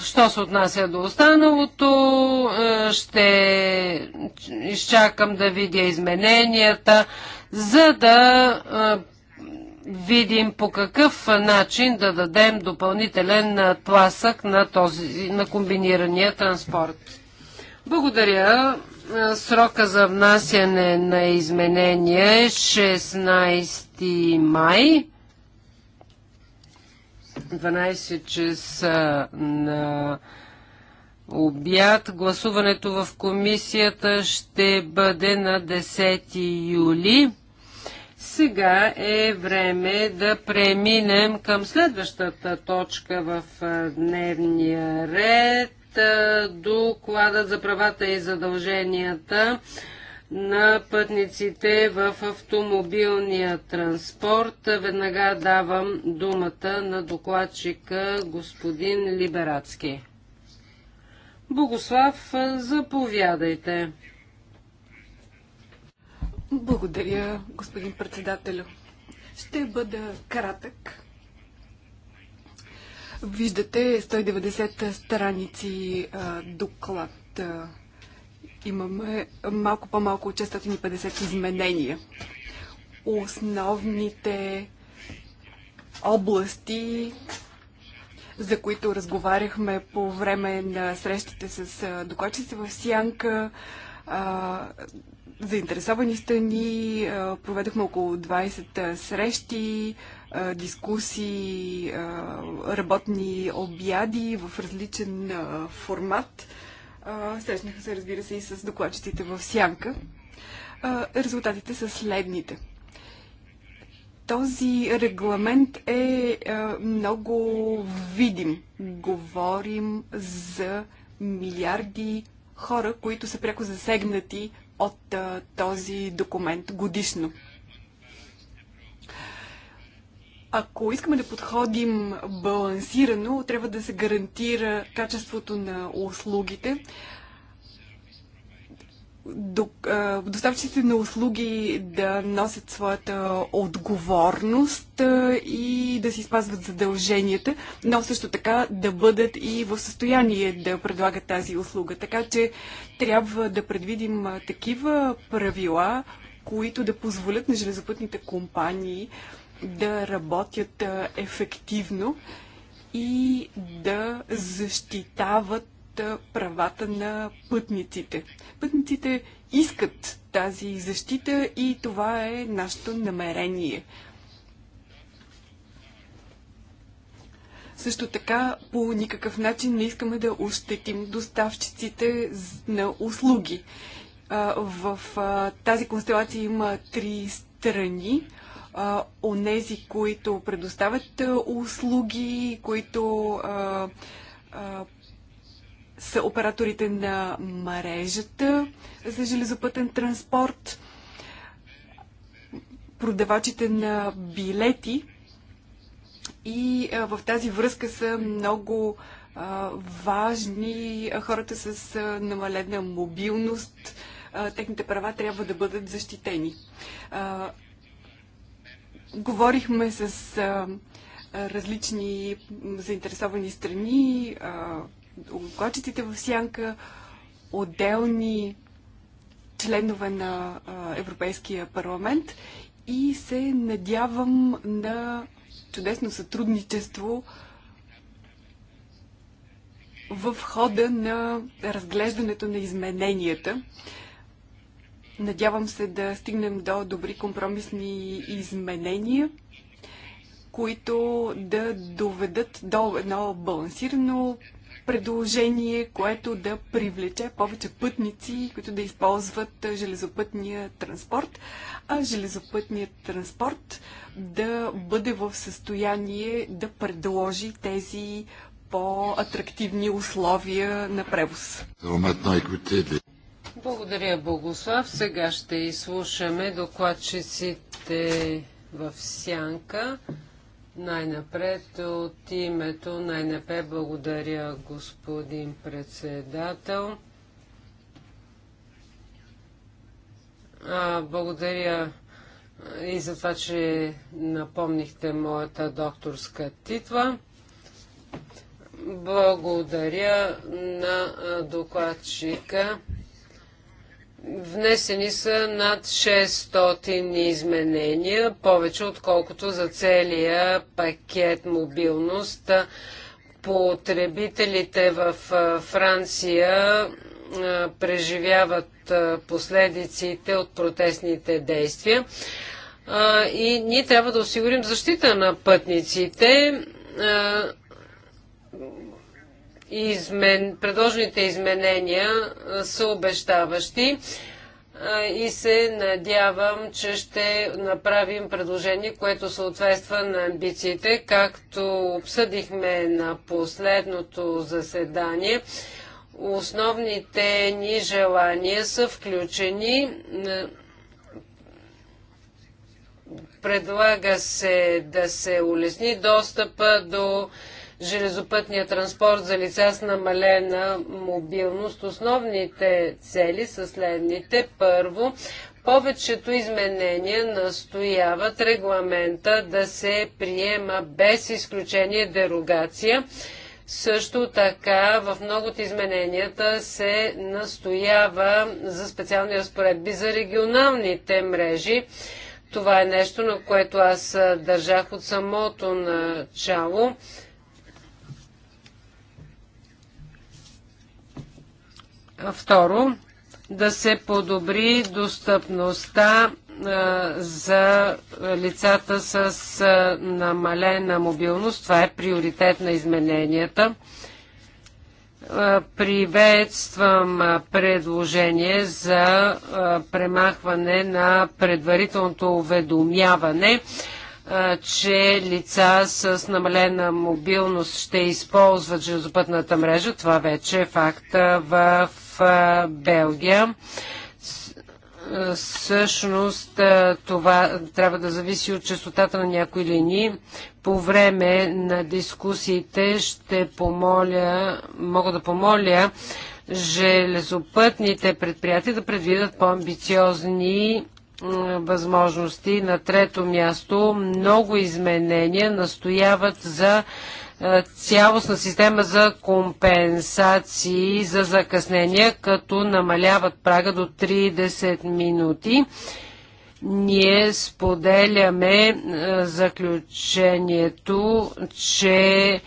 що се отнася до останалото, ще изчакам да видя измененията, за да видим по какъв начин да дадем допълнителен тласък на, този, на комбинирания транспорт. Благодаря. Срока за внасяне на изменения е 16 май. 12 часа на обяд. Гласуването в комисията ще бъде на 10 юли. Сега е време да преминем към следващата точка в дневния ред. Докладът за правата и задълженията на пътниците в автомобилния транспорт. Веднага давам думата на докладчика господин Либерацки. Богослав, заповядайте. Благодаря, господин председателю. Ще бъда кратък. Виждате 190 страници а, доклад. Имаме малко по-малко от 650 изменения. Основните области, за които разговаряхме по време на срещите с докладчици в Сянка, а, Заинтересовани страни проведохме около 20 срещи, дискусии, работни обяди в различен формат. Срещнаха се, разбира се, и с докладчиците в Сянка. Резултатите са следните. Този регламент е много видим. Говорим за милиарди хора, които са пряко засегнати от а, този документ годишно. Ако искаме да подходим балансирано, трябва да се гарантира качеството на услугите, доставчиците на услуги да носят своята отговорност и да си спазват задълженията, но също така да бъдат и в състояние да предлагат тази услуга. Така че трябва да предвидим такива правила, които да позволят на железопътните компании да работят ефективно и да защитават правата на пътниците. Пътниците искат тази защита и това е нашето намерение. Също така по никакъв начин не искаме да ощетим доставчиците на услуги. В тази констелация има три страни. Онези, които предоставят услуги, които са операторите на мрежата за железопътен транспорт, продавачите на билети и в тази връзка са много важни хората с намалена мобилност. техните права трябва да бъдат защитени. говорихме с различни заинтересовани страни, дългокочетите в сянка, отделни членове на Европейския парламент и се надявам на чудесно сътрудничество в хода на разглеждането на измененията. Надявам се да стигнем до добри компромисни изменения, които да доведат до едно балансирано, предложение, което да привлече повече пътници, които да използват железопътния транспорт, а железопътният транспорт да бъде в състояние да предложи тези по-атрактивни условия на превоз. Благодаря, Богослав. Сега ще изслушаме докладчиците в Сянка. Най-напред от името на НП благодаря господин председател. А, благодаря и за това, че напомнихте моята докторска титла. Благодаря на докладчика Внесени са над 600 изменения, повече отколкото за целия пакет мобилност. Потребителите в Франция преживяват последиците от протестните действия. И ние трябва да осигурим защита на пътниците измен, предложените изменения са обещаващи и се надявам, че ще направим предложение, което съответства на амбициите, както обсъдихме на последното заседание. Основните ни желания са включени. Предлага се да се улесни достъпа до железопътния транспорт за лица с намалена мобилност. Основните цели са следните. Първо, повечето изменения настояват регламента да се приема без изключение дерогация. Също така в много от измененията се настоява за специални разпоредби за регионалните мрежи. Това е нещо, на което аз държах от самото начало. Второ, да се подобри достъпността за лицата с намалена мобилност. Това е приоритет на измененията. Приветствам предложение за премахване на предварителното уведомяване, че лица с намалена мобилност ще използват железопътната мрежа. Това вече е факт в Белгия. Всъщност това трябва да зависи от частотата на някои линии. По време на дискусиите ще помоля, мога да помоля железопътните предприятия да предвидят по-амбициозни възможности. На трето място много изменения настояват за е, цялостна система за компенсации за закъснения, като намаляват прага до 30 минути. Ние споделяме е, заключението, че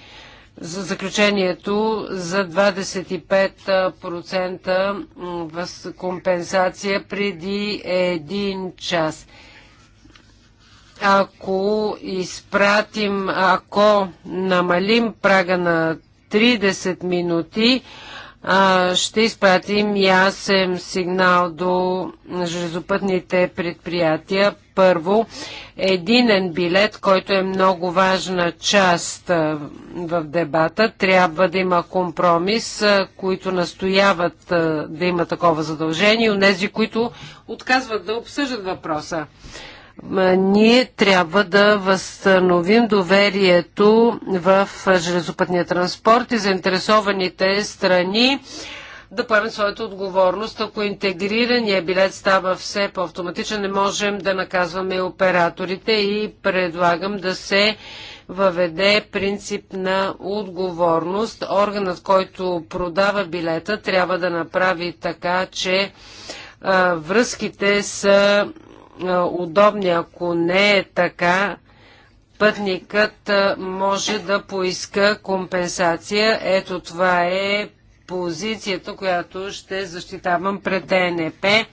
за заключението за 25% компенсация преди един час. Ако изпратим, ако намалим прага на 30 минути, ще изпратим ясен сигнал до железопътните предприятия. Първо, единен билет, който е много важна част в дебата. Трябва да има компромис, които настояват да има такова задължение, и нези, които отказват да обсъждат въпроса ние трябва да възстановим доверието в железопътния транспорт и заинтересованите страни да поемем своята отговорност. Ако е интегрирания билет става все по-автоматичен, не можем да наказваме операторите и предлагам да се въведе принцип на отговорност. Органът, който продава билета, трябва да направи така, че връзките са удобни. Ако не е така, пътникът може да поиска компенсация. Ето това е позицията, която ще защитавам пред ДНП.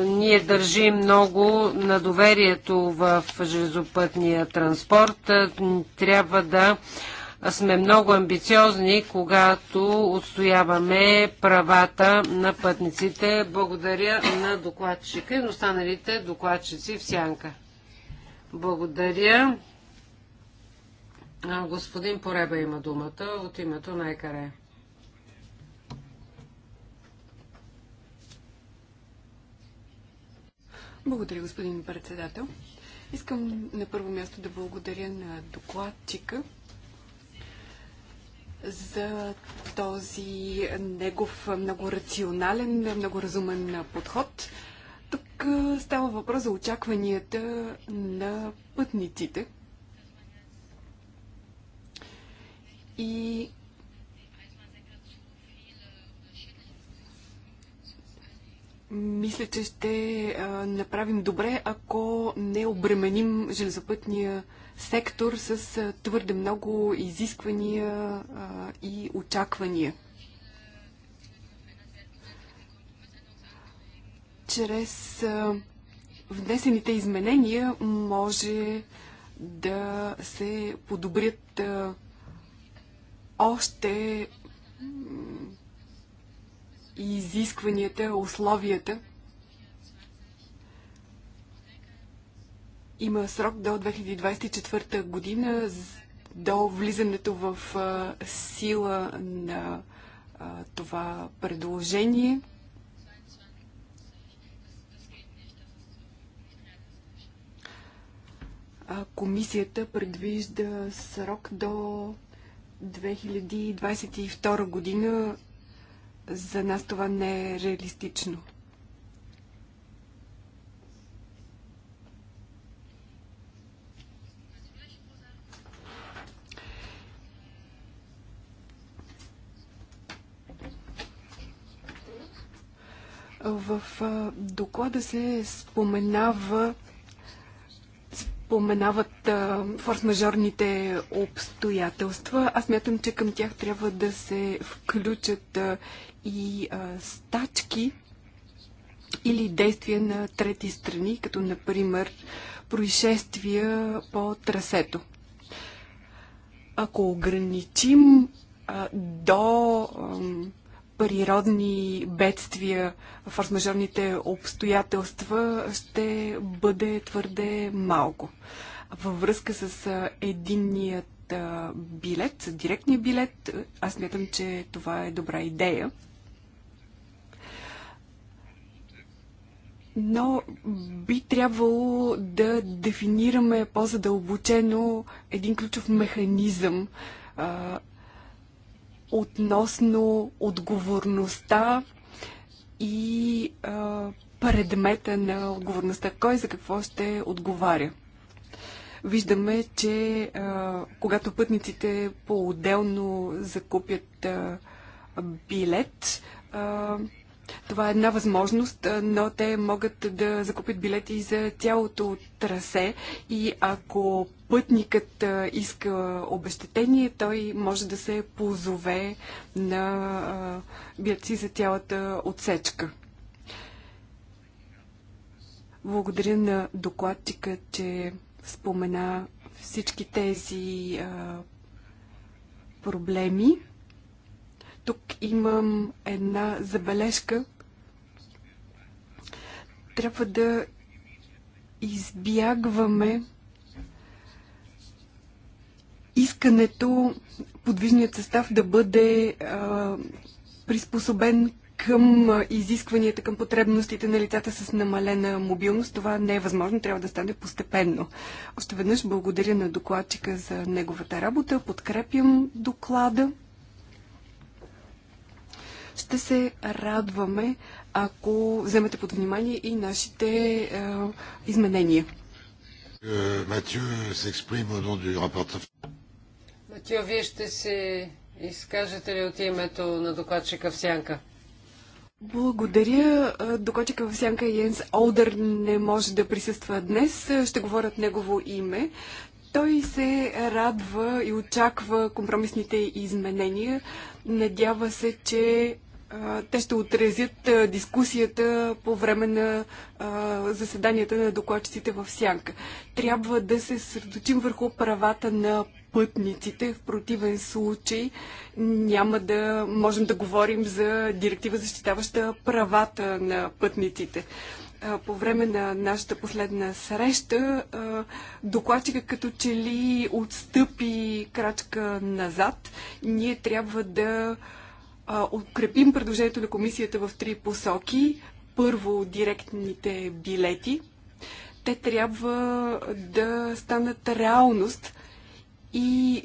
Ние държим много на доверието в железопътния транспорт. Трябва да сме много амбициозни, когато отстояваме правата на пътниците. Благодаря на докладчика и на останалите докладчици в Сянка. Благодаря. Господин Пореба има думата от името на ЕКАРЕ. Благодаря, господин председател. Искам на първо място да благодаря на докладчика за този негов много рационален, много разумен подход. Тук става въпрос за очакванията на пътниците. И мисля, че ще направим добре, ако не обременим железопътния сектор с твърде много изисквания и очаквания. Чрез внесените изменения може да се подобрят още изискванията, условията Има срок до 2024 година, до влизането в сила на това предложение. Комисията предвижда срок до 2022 година. За нас това не е реалистично. В доклада се споменава споменават форс-мажорните обстоятелства. Аз мятам, че към тях трябва да се включат а, и а, стачки или действия на трети страни, като например происшествия по трасето. Ако ограничим а, до природни бедствия, форс-мажорните обстоятелства ще бъде твърде малко. Във връзка с единният билет, с директния билет, аз мятам, че това е добра идея. но би трябвало да дефинираме по-задълбочено един ключов механизъм относно отговорността и а, предмета на отговорността. Кой за какво ще отговаря? Виждаме, че а, когато пътниците по-отделно закупят а, билет, а, това е една възможност, но те могат да закупят билети за цялото трасе и ако пътникът иска обещетение, той може да се позове на бият за цялата отсечка. Благодаря на докладчика, че спомена всички тези а, проблеми. Тук имам една забележка. Трябва да избягваме искането подвижният състав да бъде а, приспособен към изискванията, към потребностите на лицата с намалена мобилност. Това не е възможно, трябва да стане постепенно. Още веднъж благодаря на докладчика за неговата работа, подкрепям доклада. Ще се радваме, ако вземете под внимание и нашите е, изменения. Матю се експрима Матио, вие ще се изкажете ли от името на докладчика в Сянка? Благодаря. Докладчика в Сянка Йенс Олдър не може да присъства днес. Ще говорят негово име. Той се радва и очаква компромисните изменения. Надява се, че те ще отрезят дискусията по време на заседанията на докладчиците в Сянка. Трябва да се съсредоточим върху правата на пътниците. В противен случай няма да можем да говорим за директива защитаваща правата на пътниците. По време на нашата последна среща докладчика като че ли отстъпи крачка назад. Ние трябва да укрепим предложението на комисията в три посоки. Първо, директните билети. Те трябва да станат реалност и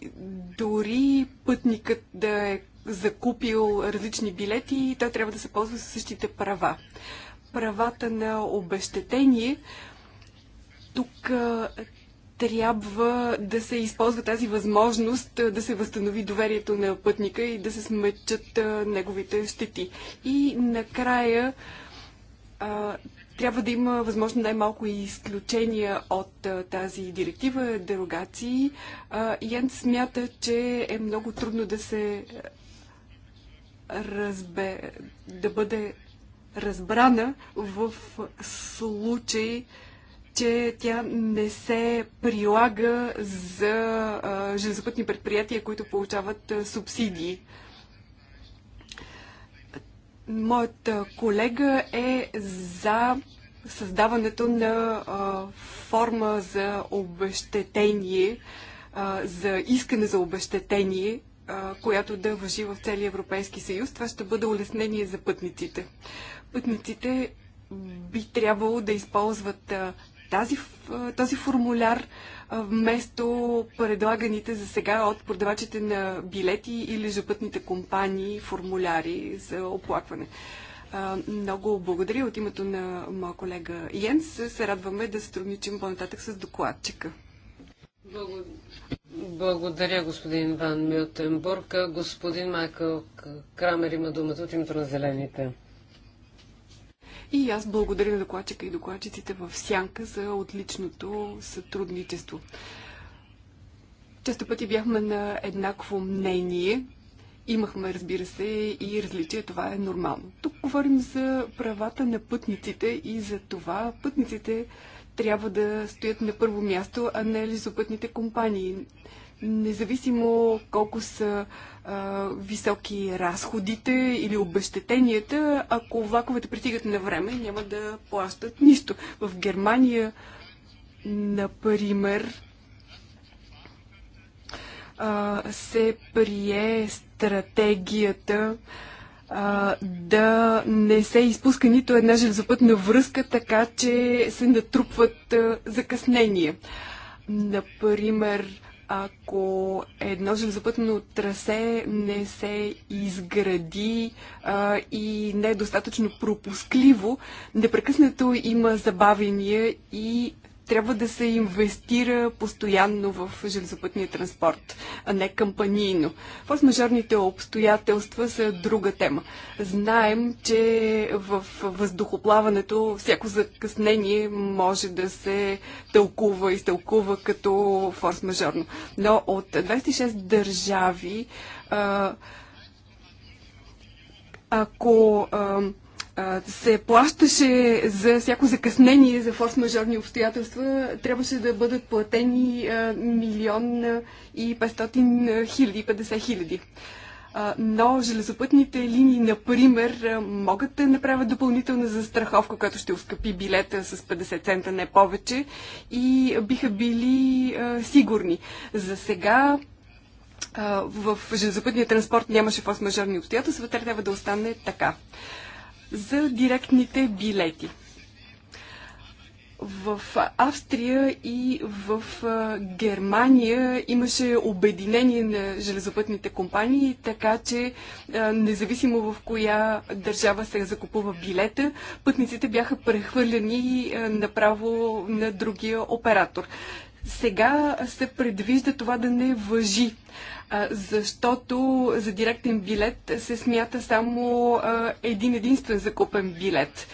дори пътникът да е закупил различни билети, той трябва да се ползва със същите права. Правата на обещетение. Тук трябва да се използва тази възможност да се възстанови доверието на пътника и да се смъчат неговите щети. И накрая трябва да има възможно най-малко изключения от тази директива, дерогации. А, Ян смята, че е много трудно да се разбе, да бъде разбрана в случай, че тя не се прилага за железопътни предприятия, които получават субсидии. Моят колега е за създаването на а, форма за обещетение, а, за искане за обещетение, а, която да въжи в целия Европейски съюз. Това ще бъде улеснение за пътниците. Пътниците би трябвало да използват а, тази, този формуляр вместо предлаганите за сега от продавачите на билети или жепътните компании формуляри за оплакване. Много благодаря от името на моя колега Йенс. Се радваме да сътрудничим по-нататък с докладчика. Благодаря, господин Ван Милтенбург. Господин Майкъл Крамер има думата от името на Зелените. И аз благодаря на докладчика и докладчиците в Сянка за отличното сътрудничество. Често пъти бяхме на еднакво мнение. Имахме, разбира се, и различия. Това е нормално. Тук говорим за правата на пътниците и за това пътниците трябва да стоят на първо място, а не лизопътните компании независимо колко са а, високи разходите или обещетенията, ако влаковете пристигат на време, няма да плащат нищо. В Германия, например, а, се прие стратегията а, да не се изпуска нито една железопътна връзка, така че се натрупват а, закъснения. Например, ако едно железопътно трасе не се изгради а, и не е достатъчно пропускливо, непрекъснато има забавения и трябва да се инвестира постоянно в железопътния транспорт, а не кампанийно. Форс-мажорните обстоятелства са друга тема. Знаем, че в въздухоплаването всяко закъснение може да се тълкува и стълкува като форс-мажорно. Но от 26 държави, ако се плащаше за всяко закъснение за форс-мажорни обстоятелства, трябваше да бъдат платени милион и 500 хиляди, 50 хиляди. Но железопътните линии, например, могат да направят допълнителна застраховка, която ще ускъпи билета с 50 цента, не повече, и биха били сигурни. За сега в железопътния транспорт нямаше форс-мажорни обстоятелства, трябва да остане така за директните билети. В Австрия и в Германия имаше обединение на железопътните компании, така че независимо в коя държава се закупува билета, пътниците бяха прехвърлени направо на другия оператор. Сега се предвижда това да не въжи, защото за директен билет се смята само един единствен закупен билет.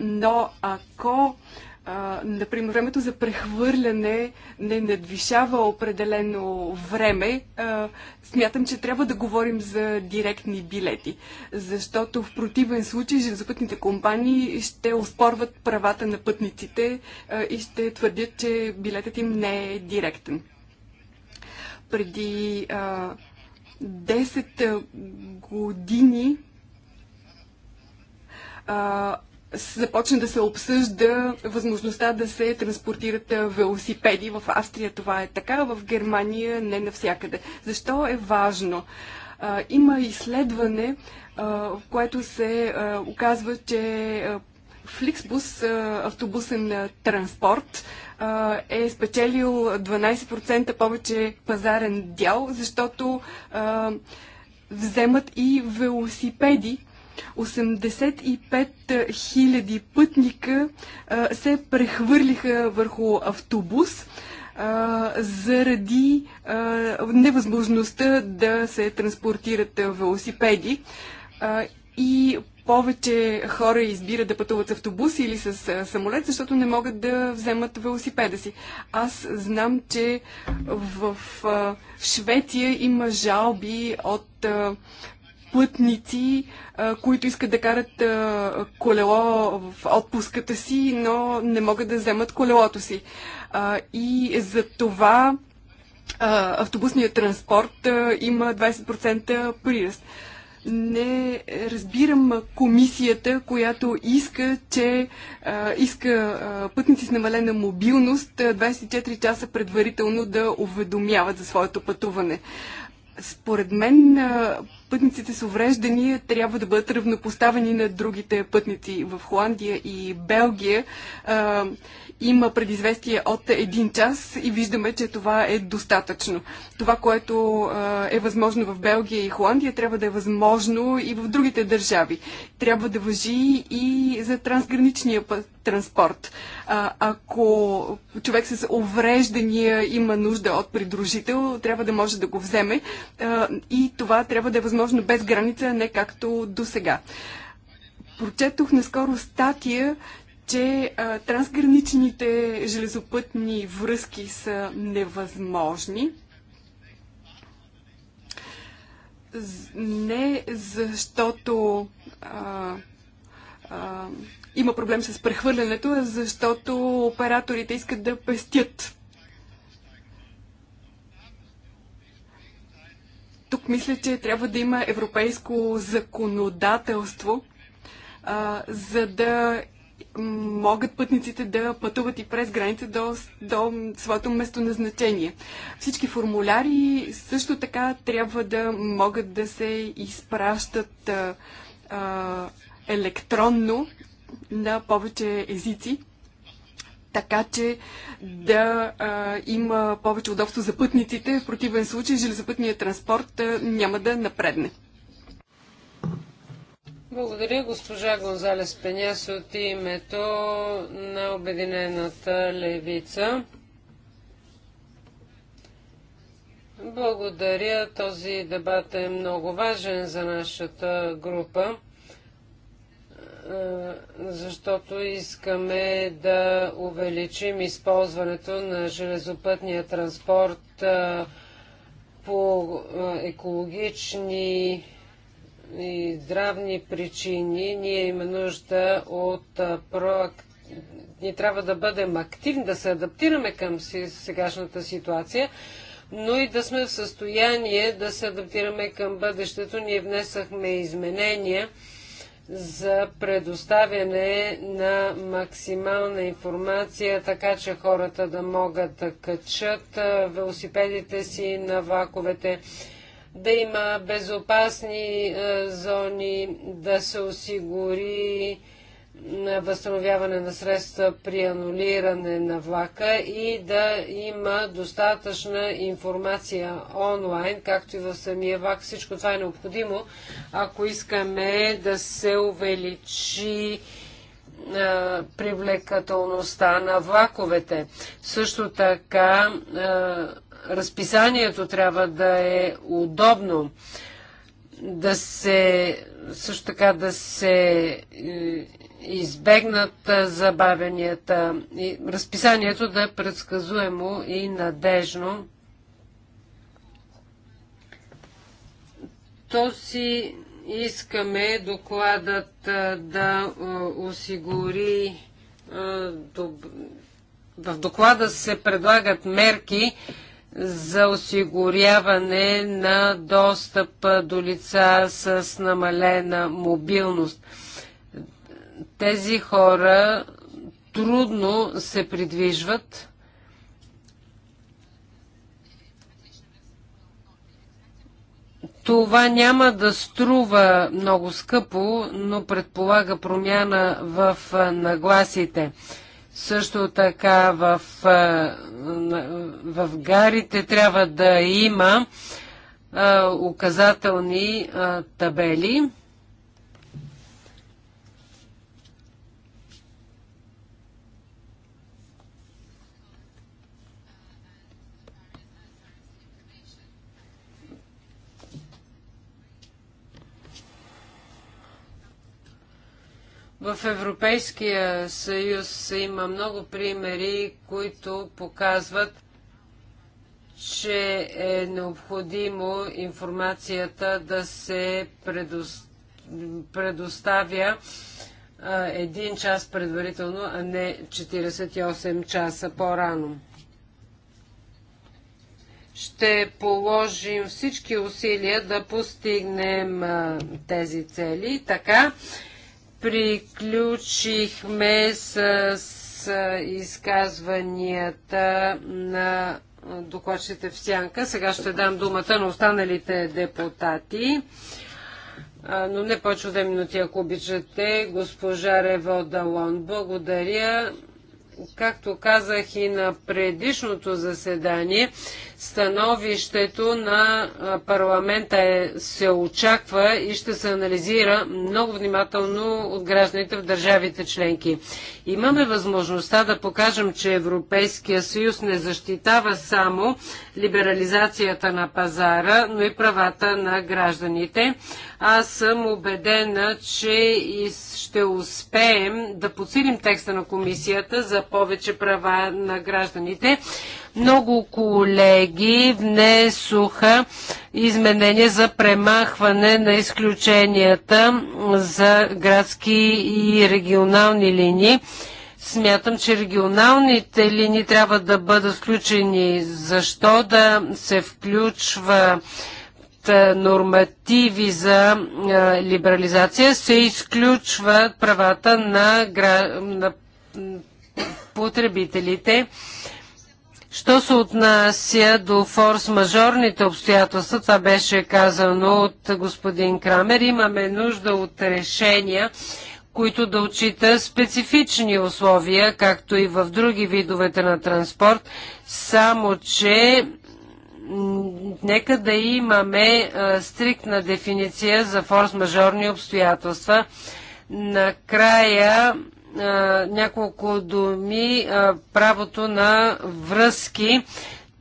Но ако а, например, времето за прехвърляне не надвишава определено време, а, смятам, че трябва да говорим за директни билети, защото в противен случай железопътните компании ще оспорват правата на пътниците а, и ще твърдят, че билетът им не е директен. Преди а, 10 години а, започна да се обсъжда възможността да се транспортират велосипеди. В Австрия това е така, в Германия не навсякъде. Защо е важно? Има изследване, в което се оказва, че Фликсбус, автобусен транспорт, е спечелил 12% повече пазарен дял, защото вземат и велосипеди 85 000 пътника се прехвърлиха върху автобус заради невъзможността да се транспортират велосипеди. и повече хора избират да пътуват с автобус или с самолет, защото не могат да вземат велосипеда си. Аз знам, че в Швеция има жалби от пътници, които искат да карат колело в отпуската си, но не могат да вземат колелото си. И за това автобусният транспорт има 20% прираст. Не разбирам комисията, която иска, че а, иска а, пътници с намалена мобилност 24 часа предварително да уведомяват за своето пътуване. Според мен пътниците с увреждания трябва да бъдат равнопоставени на другите пътници в Холандия и Белгия. Има предизвестие от един час и виждаме, че това е достатъчно. Това, което е възможно в Белгия и Холандия, трябва да е възможно и в другите държави. Трябва да въжи и за трансграничния път транспорт. А, ако човек с увреждания има нужда от придружител, трябва да може да го вземе а, и това трябва да е възможно без граница, не както до сега. Прочетох наскоро статия, че а, трансграничните железопътни връзки са невъзможни. Не защото а, а, има проблем с прехвърлянето, а защото операторите искат да пестят. Тук мисля, че трябва да има европейско законодателство, а, за да могат пътниците да пътуват и през граница до, до своето местоназначение. Всички формуляри също така трябва да могат да се изпращат а, а, електронно на повече езици, така че да а, има повече удобство за пътниците. В противен случай железопътният транспорт а, няма да напредне. Благодаря, госпожа Гонзалес Пеняс от името на Обединената левица. Благодаря. Този дебат е много важен за нашата група, защото искаме да увеличим използването на железопътния транспорт по екологични и здравни причини, ние имаме нужда от проактивност ние трябва да бъдем активни, да се адаптираме към сегашната ситуация, но и да сме в състояние да се адаптираме към бъдещето. Ние внесахме изменения за предоставяне на максимална информация, така че хората да могат да качат велосипедите си на ваковете да има безопасни е, зони, да се осигури възстановяване на средства при анулиране на влака и да има достатъчна информация онлайн, както и в самия влак. Всичко това е необходимо, ако искаме да се увеличи е, привлекателността на влаковете. Също така е, разписанието трябва да е удобно, да се също така да се е, избегнат забавенията и разписанието да е предсказуемо и надежно. То си искаме докладът е, да е, осигури в доклада се предлагат мерки, за осигуряване на достъп до лица с намалена мобилност. Тези хора трудно се придвижват. Това няма да струва много скъпо, но предполага промяна в нагласите. Също така в, в гарите трябва да има указателни табели. В Европейския съюз има много примери, които показват, че е необходимо информацията да се предоставя един час предварително, а не 48 часа по-рано. Ще положим всички усилия да постигнем тези цели. Така Приключихме с, с изказванията на докладчите в сянка. Сега ще дам думата на останалите депутати. Но не повече от минути, ако обичате. Госпожа Рево благодаря. Както казах и на предишното заседание, Становището на парламента е, се очаква и ще се анализира много внимателно от гражданите в държавите членки. Имаме възможността да покажем, че Европейския съюз не защитава само либерализацията на пазара, но и правата на гражданите. Аз съм убедена, че ще успеем да подсилим текста на комисията за повече права на гражданите. Много колеги внесоха изменения за премахване на изключенията за градски и регионални линии. Смятам, че регионалните линии трябва да бъдат включени. Защо да се включва нормативи за либерализация се изключват правата на, гра... на потребителите. Що се отнася до форс-мажорните обстоятелства, това беше казано от господин Крамер, имаме нужда от решения, които да отчита специфични условия, както и в други видовете на транспорт, само че нека да имаме стриктна дефиниция за форс-мажорни обстоятелства. Накрая няколко думи а, правото на връзки.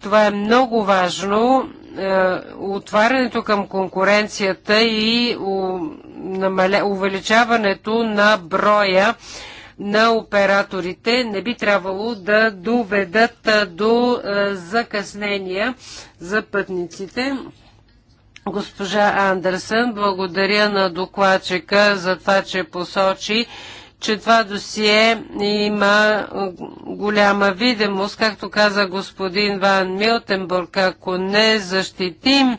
Това е много важно. отварянето към конкуренцията и увеличаването на броя на операторите не би трябвало да доведат до закъснения за пътниците. Госпожа Андерсън, благодаря на докладчика за това, че посочи, че това досие има голяма видимост, както каза господин Ван Милтенбург, ако не защитим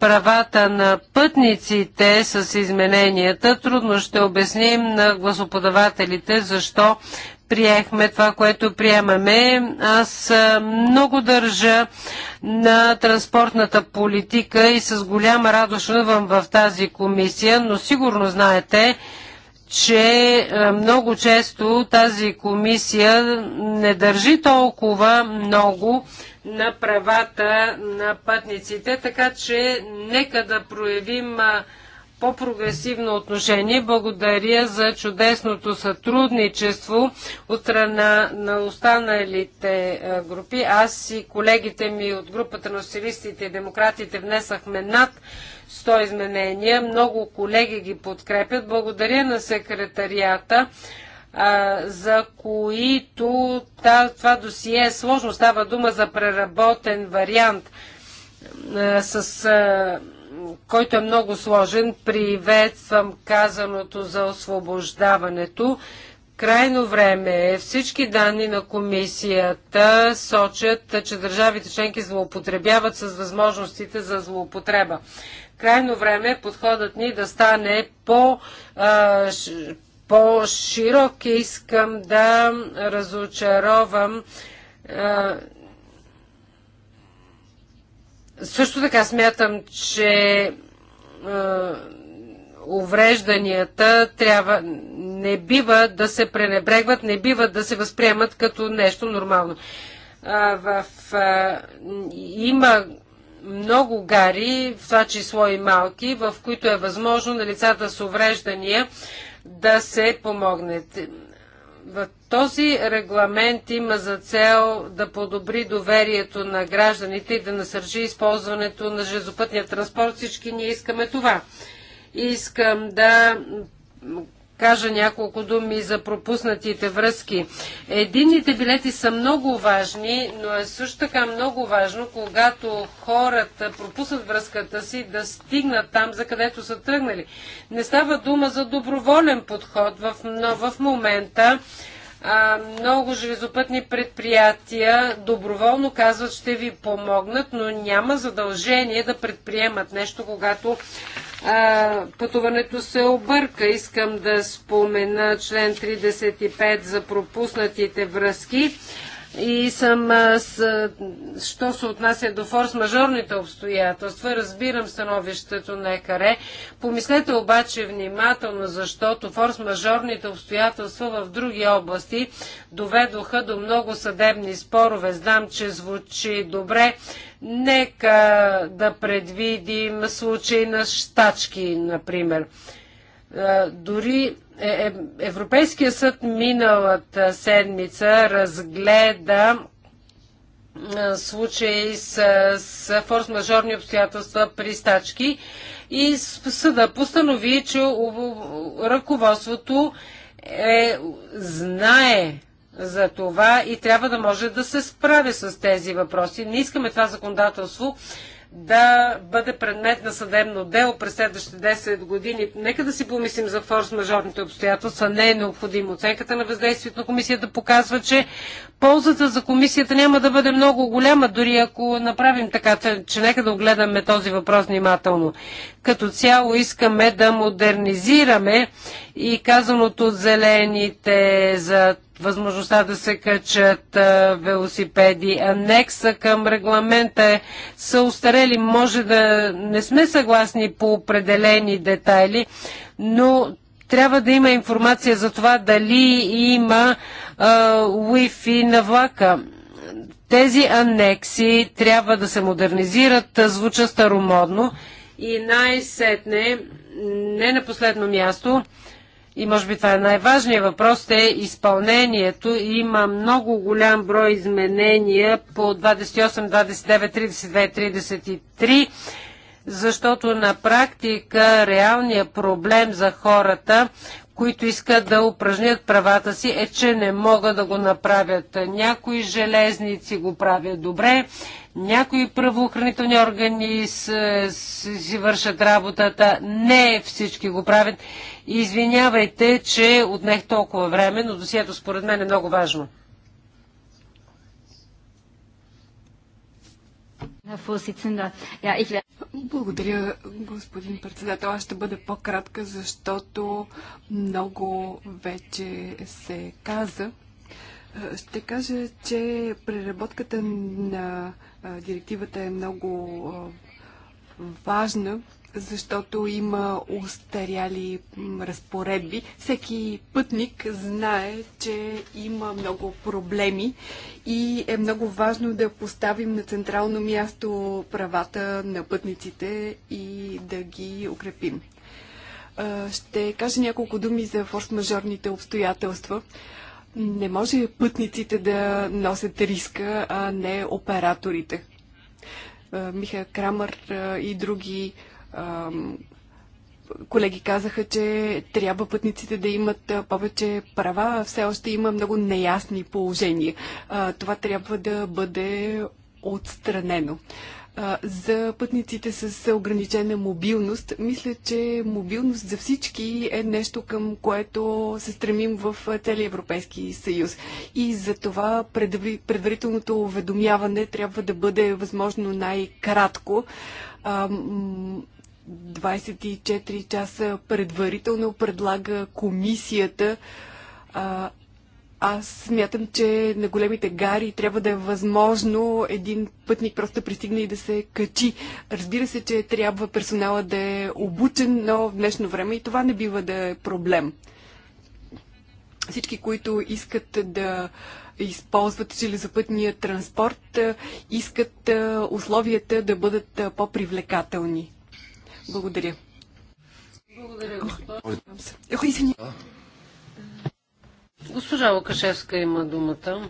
правата на пътниците с измененията, трудно ще обясним на гласоподавателите защо приехме това, което приемаме. Аз много държа на транспортната политика и с голяма радост в тази комисия, но сигурно знаете, че е, много често тази комисия не държи толкова много на правата на пътниците, така че нека да проявим е, по-прогресивно отношение. Благодаря за чудесното сътрудничество от страна на останалите е, групи. Аз и колегите ми от групата на социалистите и демократите внесахме над 100 изменения. Много колеги ги подкрепят. Благодаря на секретарията, а, за които това досие е сложно. Става дума за преработен вариант, а, с, а, който е много сложен. Приветствам казаното за освобождаването. Крайно време е. Всички данни на комисията сочат, че държавите членки злоупотребяват с възможностите за злоупотреба. Крайно време подходът ни да стане по, а, по-широк. Искам да разочаровам а, също така смятам, че уврежданията трябва, не бива да се пренебрегват, не бива да се възприемат като нещо нормално. А, в, а, има много гари, в това число и малки, в които е възможно на лицата с увреждания да се помогнат. В този регламент има за цел да подобри доверието на гражданите и да насърчи използването на железопътния транспорт. Всички ние искаме това. Искам да кажа няколко думи за пропуснатите връзки. Единните билети са много важни, но е също така много важно, когато хората пропуснат връзката си, да стигнат там, за където са тръгнали. Не става дума за доброволен подход. В, но в момента а, много железопътни предприятия доброволно казват, ще ви помогнат, но няма задължение да предприемат нещо, когато а, пътуването се обърка. Искам да спомена член 35 за пропуснатите връзки. И съм, с, що се отнася до форс-мажорните обстоятелства, разбирам становището на ЕКАРЕ. Помислете обаче внимателно, защото форс-мажорните обстоятелства в други области доведоха до много съдебни спорове. Знам, че звучи добре. Нека да предвидим случаи на щачки, например. Дори е, е, Европейския съд миналата седмица разгледа случаи с, с форс-мажорни обстоятелства при стачки и съда постанови, че ръководството е, знае за това и трябва да може да се справи с тези въпроси. Не искаме това законодателство да бъде предмет на съдебно дело през следващите 10 години. Нека да си помислим за форс-мажорните обстоятелства. Не е необходимо. Оценката на въздействието на комисията показва, че ползата за комисията няма да бъде много голяма, дори ако направим така, че нека да огледаме този въпрос внимателно. Като цяло искаме да модернизираме и казаното от зелените за възможността да се качат велосипеди. Анекса към регламента е, са устарели. Може да не сме съгласни по определени детайли, но трябва да има информация за това дали има а, Wi-Fi на влака. Тези анекси трябва да се модернизират, звуча старомодно и най-сетне, не на последно място, и може би това е най-важният въпрос, е изпълнението. Има много голям брой изменения по 28, 29, 32, 33, защото на практика реалният проблем за хората, които искат да упражнят правата си, е, че не могат да го направят. Някои железници го правят добре, някои правоохранителни органи си вършат работата, не всички го правят. Извинявайте, че отнех толкова време, но досието според мен е много важно. Благодаря, господин председател. Аз ще бъда по-кратка, защото много вече се каза. Е, ще кажа, че преработката на е, директивата е много е, важна защото има устаряли разпоредби. Всеки пътник знае, че има много проблеми и е много важно да поставим на централно място правата на пътниците и да ги укрепим. Ще кажа няколко думи за форс-мажорните обстоятелства. Не може пътниците да носят риска, а не операторите. Миха Крамър и други колеги казаха, че трябва пътниците да имат повече права. Все още има много неясни положения. Това трябва да бъде отстранено. За пътниците с ограничена мобилност, мисля, че мобилност за всички е нещо към което се стремим в целия Европейски съюз. И за това предварителното уведомяване трябва да бъде възможно най-кратко 24 часа предварително предлага комисията. А, аз смятам, че на големите гари трябва да е възможно един пътник просто да пристигне и да се качи. Разбира се, че трябва персонала да е обучен, но в днешно време и това не бива да е проблем. Всички, които искат да използват железопътния транспорт, искат условията да бъдат по-привлекателни. Благодаря. Благодаря, господин. Госпожа Лукашевска има думата.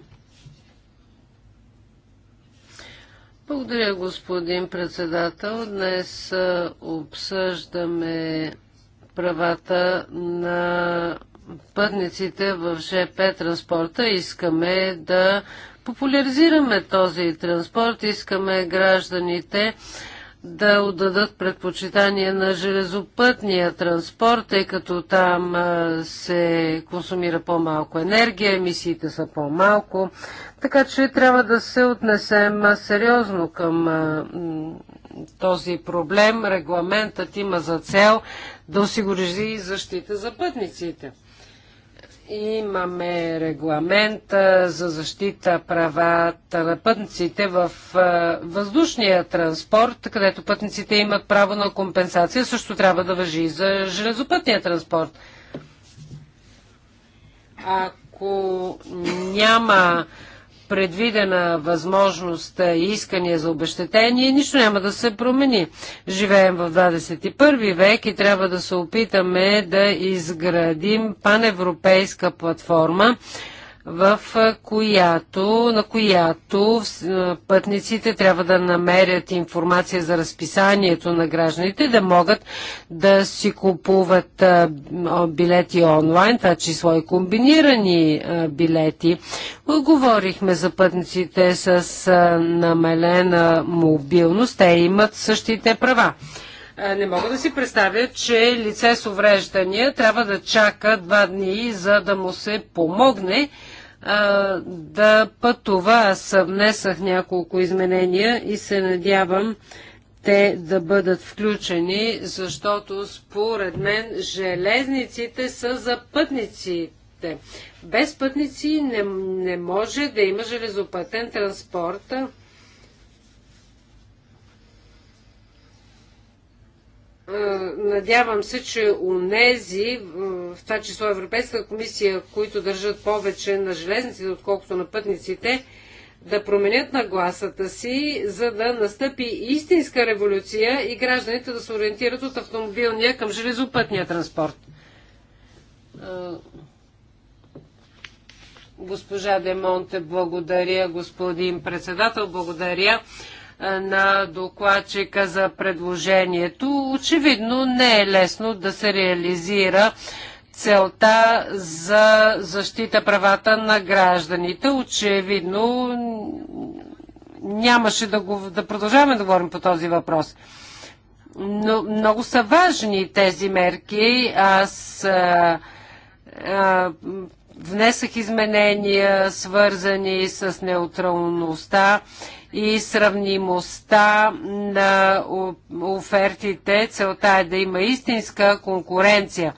Благодаря, господин председател. Днес обсъждаме правата на пътниците в ЖП транспорта. Искаме да популяризираме този транспорт. Искаме гражданите да отдадат предпочитание на железопътния транспорт, тъй като там се консумира по-малко енергия, емисиите са по-малко. Така че трябва да се отнесем сериозно към този проблем. Регламентът има за цел да осигури защита за пътниците. Имаме регламент за защита правата на пътниците в въздушния транспорт, където пътниците имат право на компенсация. Също трябва да въжи и за железопътния транспорт. Ако няма предвидена възможност и искания за обещетение, нищо няма да се промени. Живеем в 21 век и трябва да се опитаме да изградим паневропейска платформа, в която, на която пътниците трябва да намерят информация за разписанието на гражданите, да могат да си купуват билети онлайн, това число и комбинирани билети. Говорихме за пътниците с намалена мобилност, те имат същите права. Не мога да си представя, че лице с увреждания трябва да чака два дни, за да му се помогне а, да пътува. Аз внесах няколко изменения и се надявам те да бъдат включени, защото според мен железниците са за пътниците. Без пътници не, не може да има железопътен транспорт. Надявам се, че унези, в това число Европейска комисия, които държат повече на железниците, отколкото на пътниците, да променят нагласата си, за да настъпи истинска революция и гражданите да се ориентират от автомобилния към железопътния транспорт. Госпожа Демонте, благодаря, господин председател, благодаря на докладчика за предложението. Очевидно не е лесно да се реализира целта за защита правата на гражданите. Очевидно нямаше да, го, да продължаваме да говорим по този въпрос. Но много са важни тези мерки. Аз а, а, внесах изменения, свързани с неутралността и сравнимостта на офертите. Целта е да има истинска конкуренция.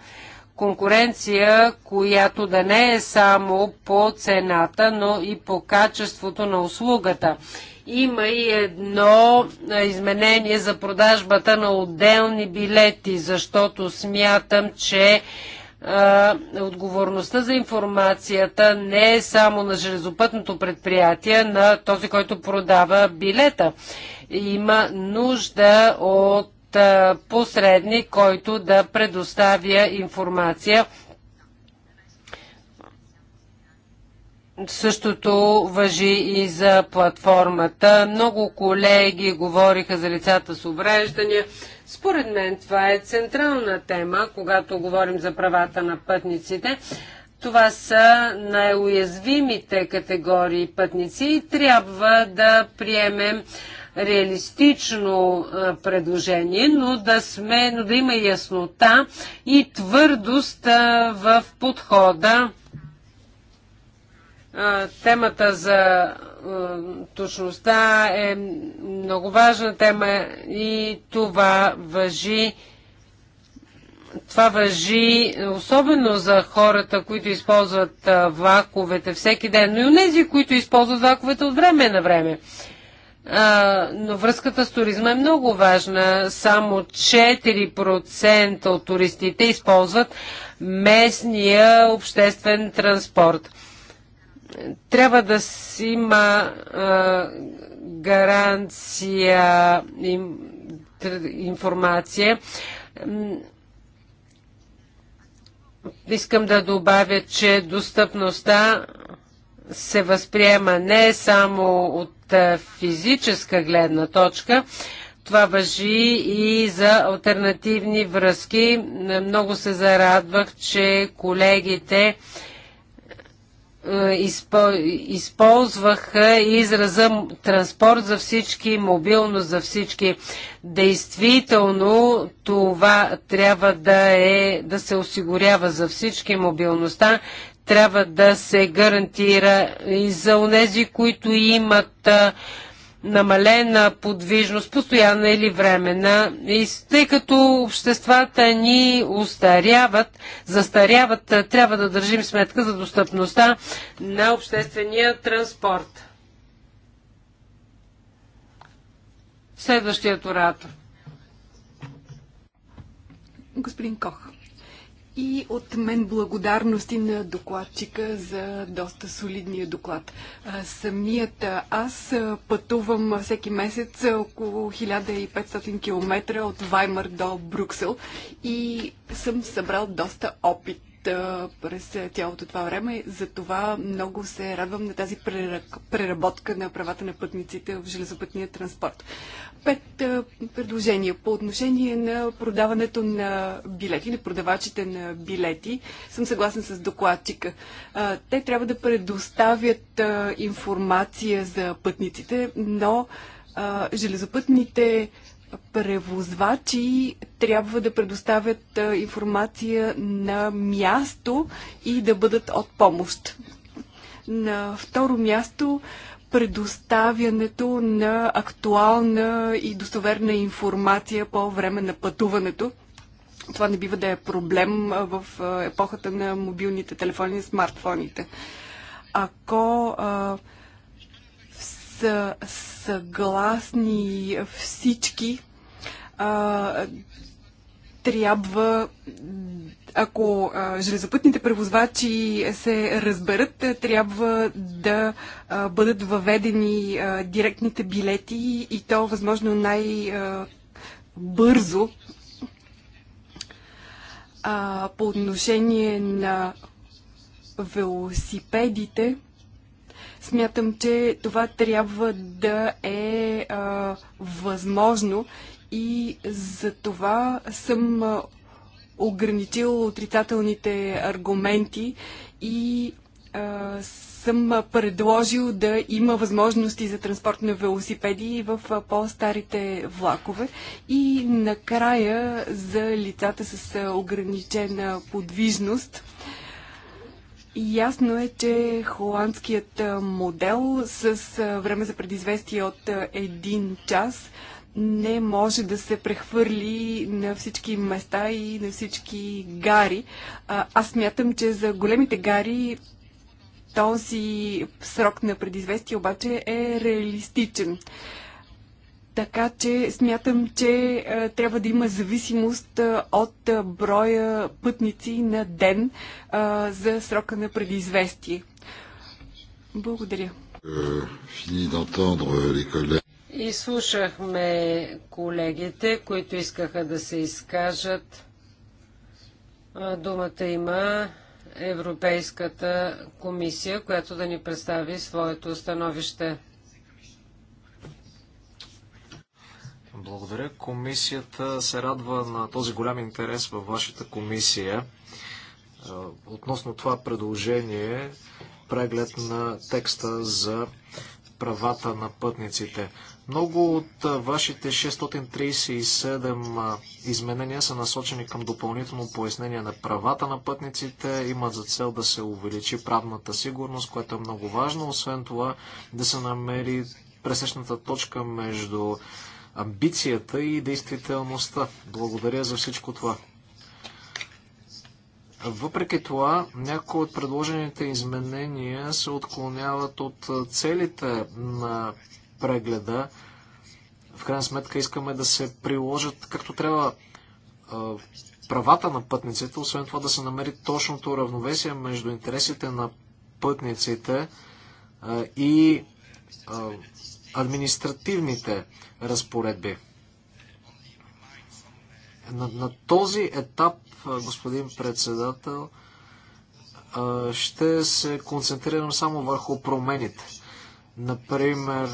Конкуренция, която да не е само по цената, но и по качеството на услугата. Има и едно изменение за продажбата на отделни билети, защото смятам, че отговорността за информацията не е само на железопътното предприятие, на този, който продава билета. Има нужда от посредник, който да предоставя информация Същото въжи и за платформата. Много колеги говориха за лицата с увреждания. Според мен това е централна тема, когато говорим за правата на пътниците. Това са най-уязвимите категории пътници и трябва да приемем реалистично предложение, но да, сме, но да има яснота и твърдост в подхода Темата за точността е много важна тема и това въжи това въжи особено за хората, които използват влаковете всеки ден, но и тези, които използват влаковете от време на време. А, но връзката с туризма е много важна. Само 4% от туристите използват местния обществен транспорт трябва да си има а, гаранция, им, информация. Искам да добавя, че достъпността се възприема не само от физическа гледна точка, това въжи и за альтернативни връзки. Много се зарадвах, че колегите е, използваха израза транспорт за всички, мобилност за всички. Действително това трябва да, е, да се осигурява за всички мобилността, трябва да се гарантира и за онези, които имат е, намалена подвижност, постоянна или времена, и тъй като обществата ни устаряват, застаряват, трябва да държим сметка за достъпността на обществения транспорт. Следващият оратор. Господин Кох. И от мен благодарности на докладчика за доста солидния доклад. Самият аз пътувам всеки месец около 1500 км от Ваймар до Брюксел и съм събрал доста опит през цялото това време. Затова много се радвам на тази преработка на правата на пътниците в железопътния транспорт. Пет предложения по отношение на продаването на билети, на продавачите на билети. Съм съгласен с докладчика. Те трябва да предоставят информация за пътниците, но железопътните превозвачи трябва да предоставят информация на място и да бъдат от помощ. На второ място предоставянето на актуална и достоверна информация по време на пътуването. Това не бива да е проблем в епохата на мобилните телефони и смартфоните. Ако а, са съгласни всички. А, трябва, ако а, железопътните превозвачи се разберат, трябва да а, бъдат въведени а, директните билети и то възможно най-бързо. по отношение на велосипедите, Смятам, че това трябва да е а, възможно и за това съм ограничил отрицателните аргументи и а, съм предложил да има възможности за транспорт на велосипеди в по-старите влакове и накрая за лицата с ограничена подвижност. Ясно е, че холандският модел с време за предизвестие от един час не може да се прехвърли на всички места и на всички гари. Аз мятам, че за големите гари този срок на предизвестие обаче е реалистичен. Така че смятам, че а, е, трябва да има зависимост а, е, от а, е, броя пътници на ден а, за срока на предизвестие. Благодаря. И слушахме колегите, които искаха да се изкажат. Думата има Европейската комисия, която да ни представи своето становище. Благодаря. Комисията се радва на този голям интерес във вашата комисия относно това предложение, преглед на текста за правата на пътниците. Много от вашите 637 изменения са насочени към допълнително пояснение на правата на пътниците, имат за цел да се увеличи правната сигурност, което е много важно. Освен това, да се намери пресечната точка между амбицията и действителността. Благодаря за всичко това. Въпреки това, някои от предложените изменения се отклоняват от целите на прегледа. В крайна сметка искаме да се приложат както трябва правата на пътниците, освен това да се намери точното равновесие между интересите на пътниците и административните разпоредби. На, на този етап, господин председател, ще се концентрирам само върху промените. Например,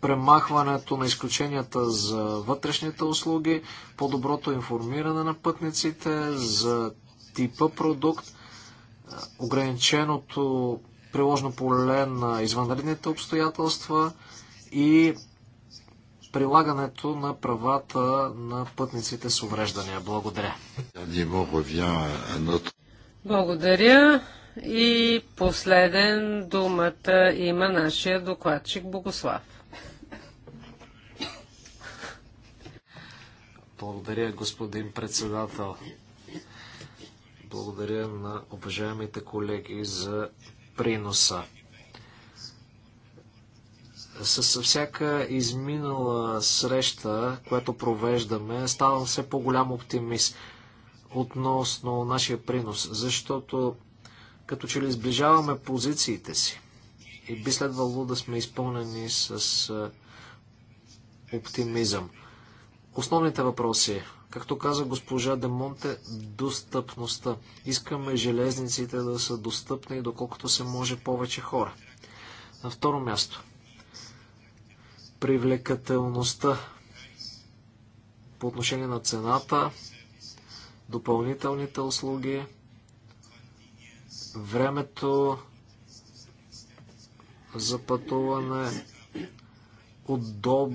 премахването на изключенията за вътрешните услуги, по-доброто информиране на пътниците за типа продукт, ограниченото приложно поле на извънредните обстоятелства – и прилагането на правата на пътниците с увреждания. Благодаря. Благодаря. И последен думата има нашия докладчик Богослав. Благодаря, господин председател. Благодаря на уважаемите колеги за приноса. С всяка изминала среща, която провеждаме, ставам все по-голям оптимист относно нашия принос, защото като че ли сближаваме позициите си и би следвало да сме изпълнени с оптимизъм. Основните въпроси, както каза госпожа Демонте, достъпността. Искаме железниците да са достъпни доколкото се може повече хора. На второ място – привлекателността по отношение на цената, допълнителните услуги, времето за пътуване, удоб...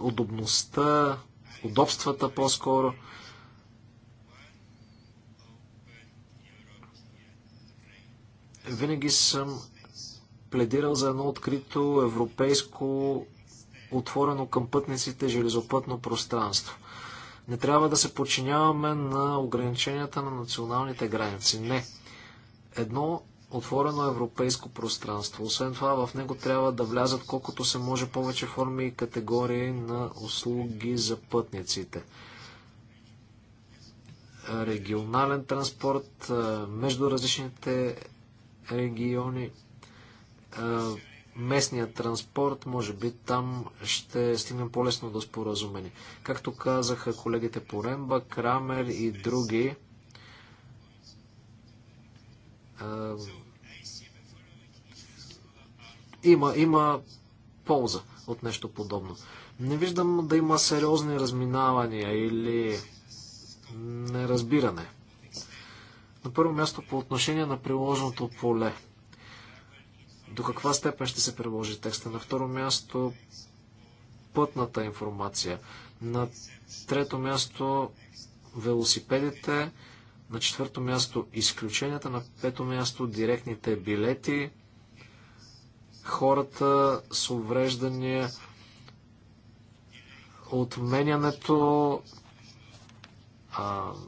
удобността, удобствата по-скоро. Винаги съм пледирал за едно открито европейско отворено към пътниците железопътно пространство. Не трябва да се подчиняваме на ограниченията на националните граници. Не. Едно отворено европейско пространство. Освен това, в него трябва да влязат колкото се може повече форми и категории на услуги за пътниците. Регионален транспорт между различните региони, местния транспорт, може би там ще стигнем по-лесно до да споразумени. Както казаха колегите по Ремба, Крамер и други, е, има, има полза от нещо подобно. Не виждам да има сериозни разминавания или неразбиране. На първо място по отношение на приложеното поле – до каква степен ще се приложи текста. На второ място пътната информация. На трето място велосипедите. На четвърто място изключенията. На пето място директните билети. Хората с увреждания. Отменянето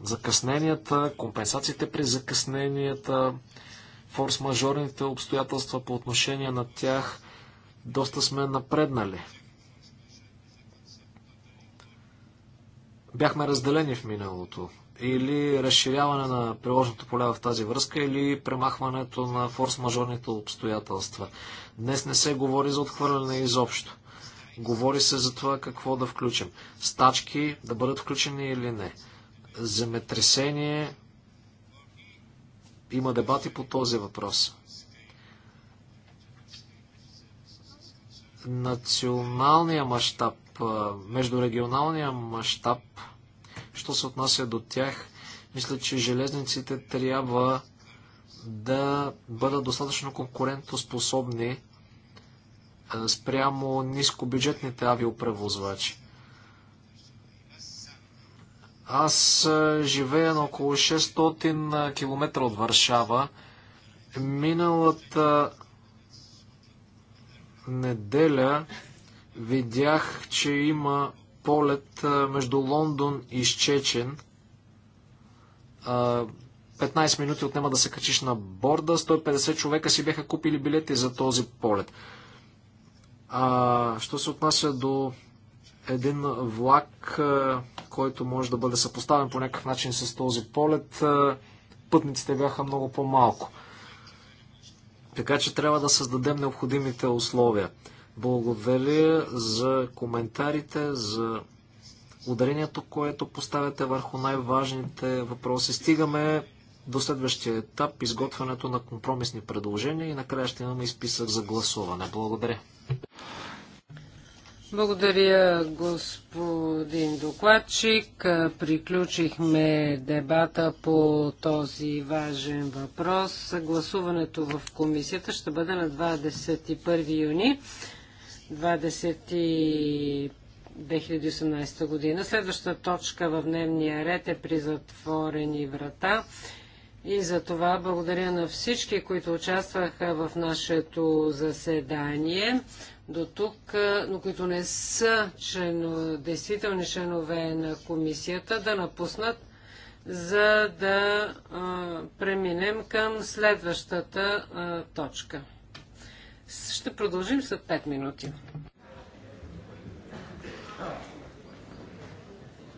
закъсненията, компенсациите при закъсненията, форс-мажорните обстоятелства по отношение на тях доста сме напреднали. Бяхме разделени в миналото. Или разширяване на приложното поле в тази връзка, или премахването на форс-мажорните обстоятелства. Днес не се говори за отхвърляне изобщо. Говори се за това какво да включим. Стачки да бъдат включени или не. Земетресение има дебати по този въпрос. Националния мащаб, междурегионалния мащаб, що се отнася до тях, мисля, че железниците трябва да бъдат достатъчно конкурентоспособни спрямо нискобюджетните авиопревозвачи. Аз живея на около 600 км от Варшава. Миналата неделя видях, че има полет между Лондон и Щечен. 15 минути отнема да се качиш на борда. 150 човека си бяха купили билети за този полет. А, що се отнася до един влак, е, който може да бъде съпоставен по някакъв начин с този полет, е, пътниците бяха много по-малко. Така че трябва да създадем необходимите условия. Благодаря за коментарите, за ударението, което поставяте върху най-важните въпроси. Стигаме до следващия етап, изготвянето на компромисни предложения и накрая ще имаме изписък списък за гласуване. Благодаря. Благодаря, господин докладчик. Приключихме дебата по този важен въпрос. Гласуването в комисията ще бъде на 21 юни 20... 2018 година. Следващата точка в дневния ред е при затворени врата. И за това благодаря на всички, които участваха в нашето заседание до тук, но които не са членове, действителни членове на комисията, да напуснат, за да а, преминем към следващата а, точка. Ще продължим след 5 минути.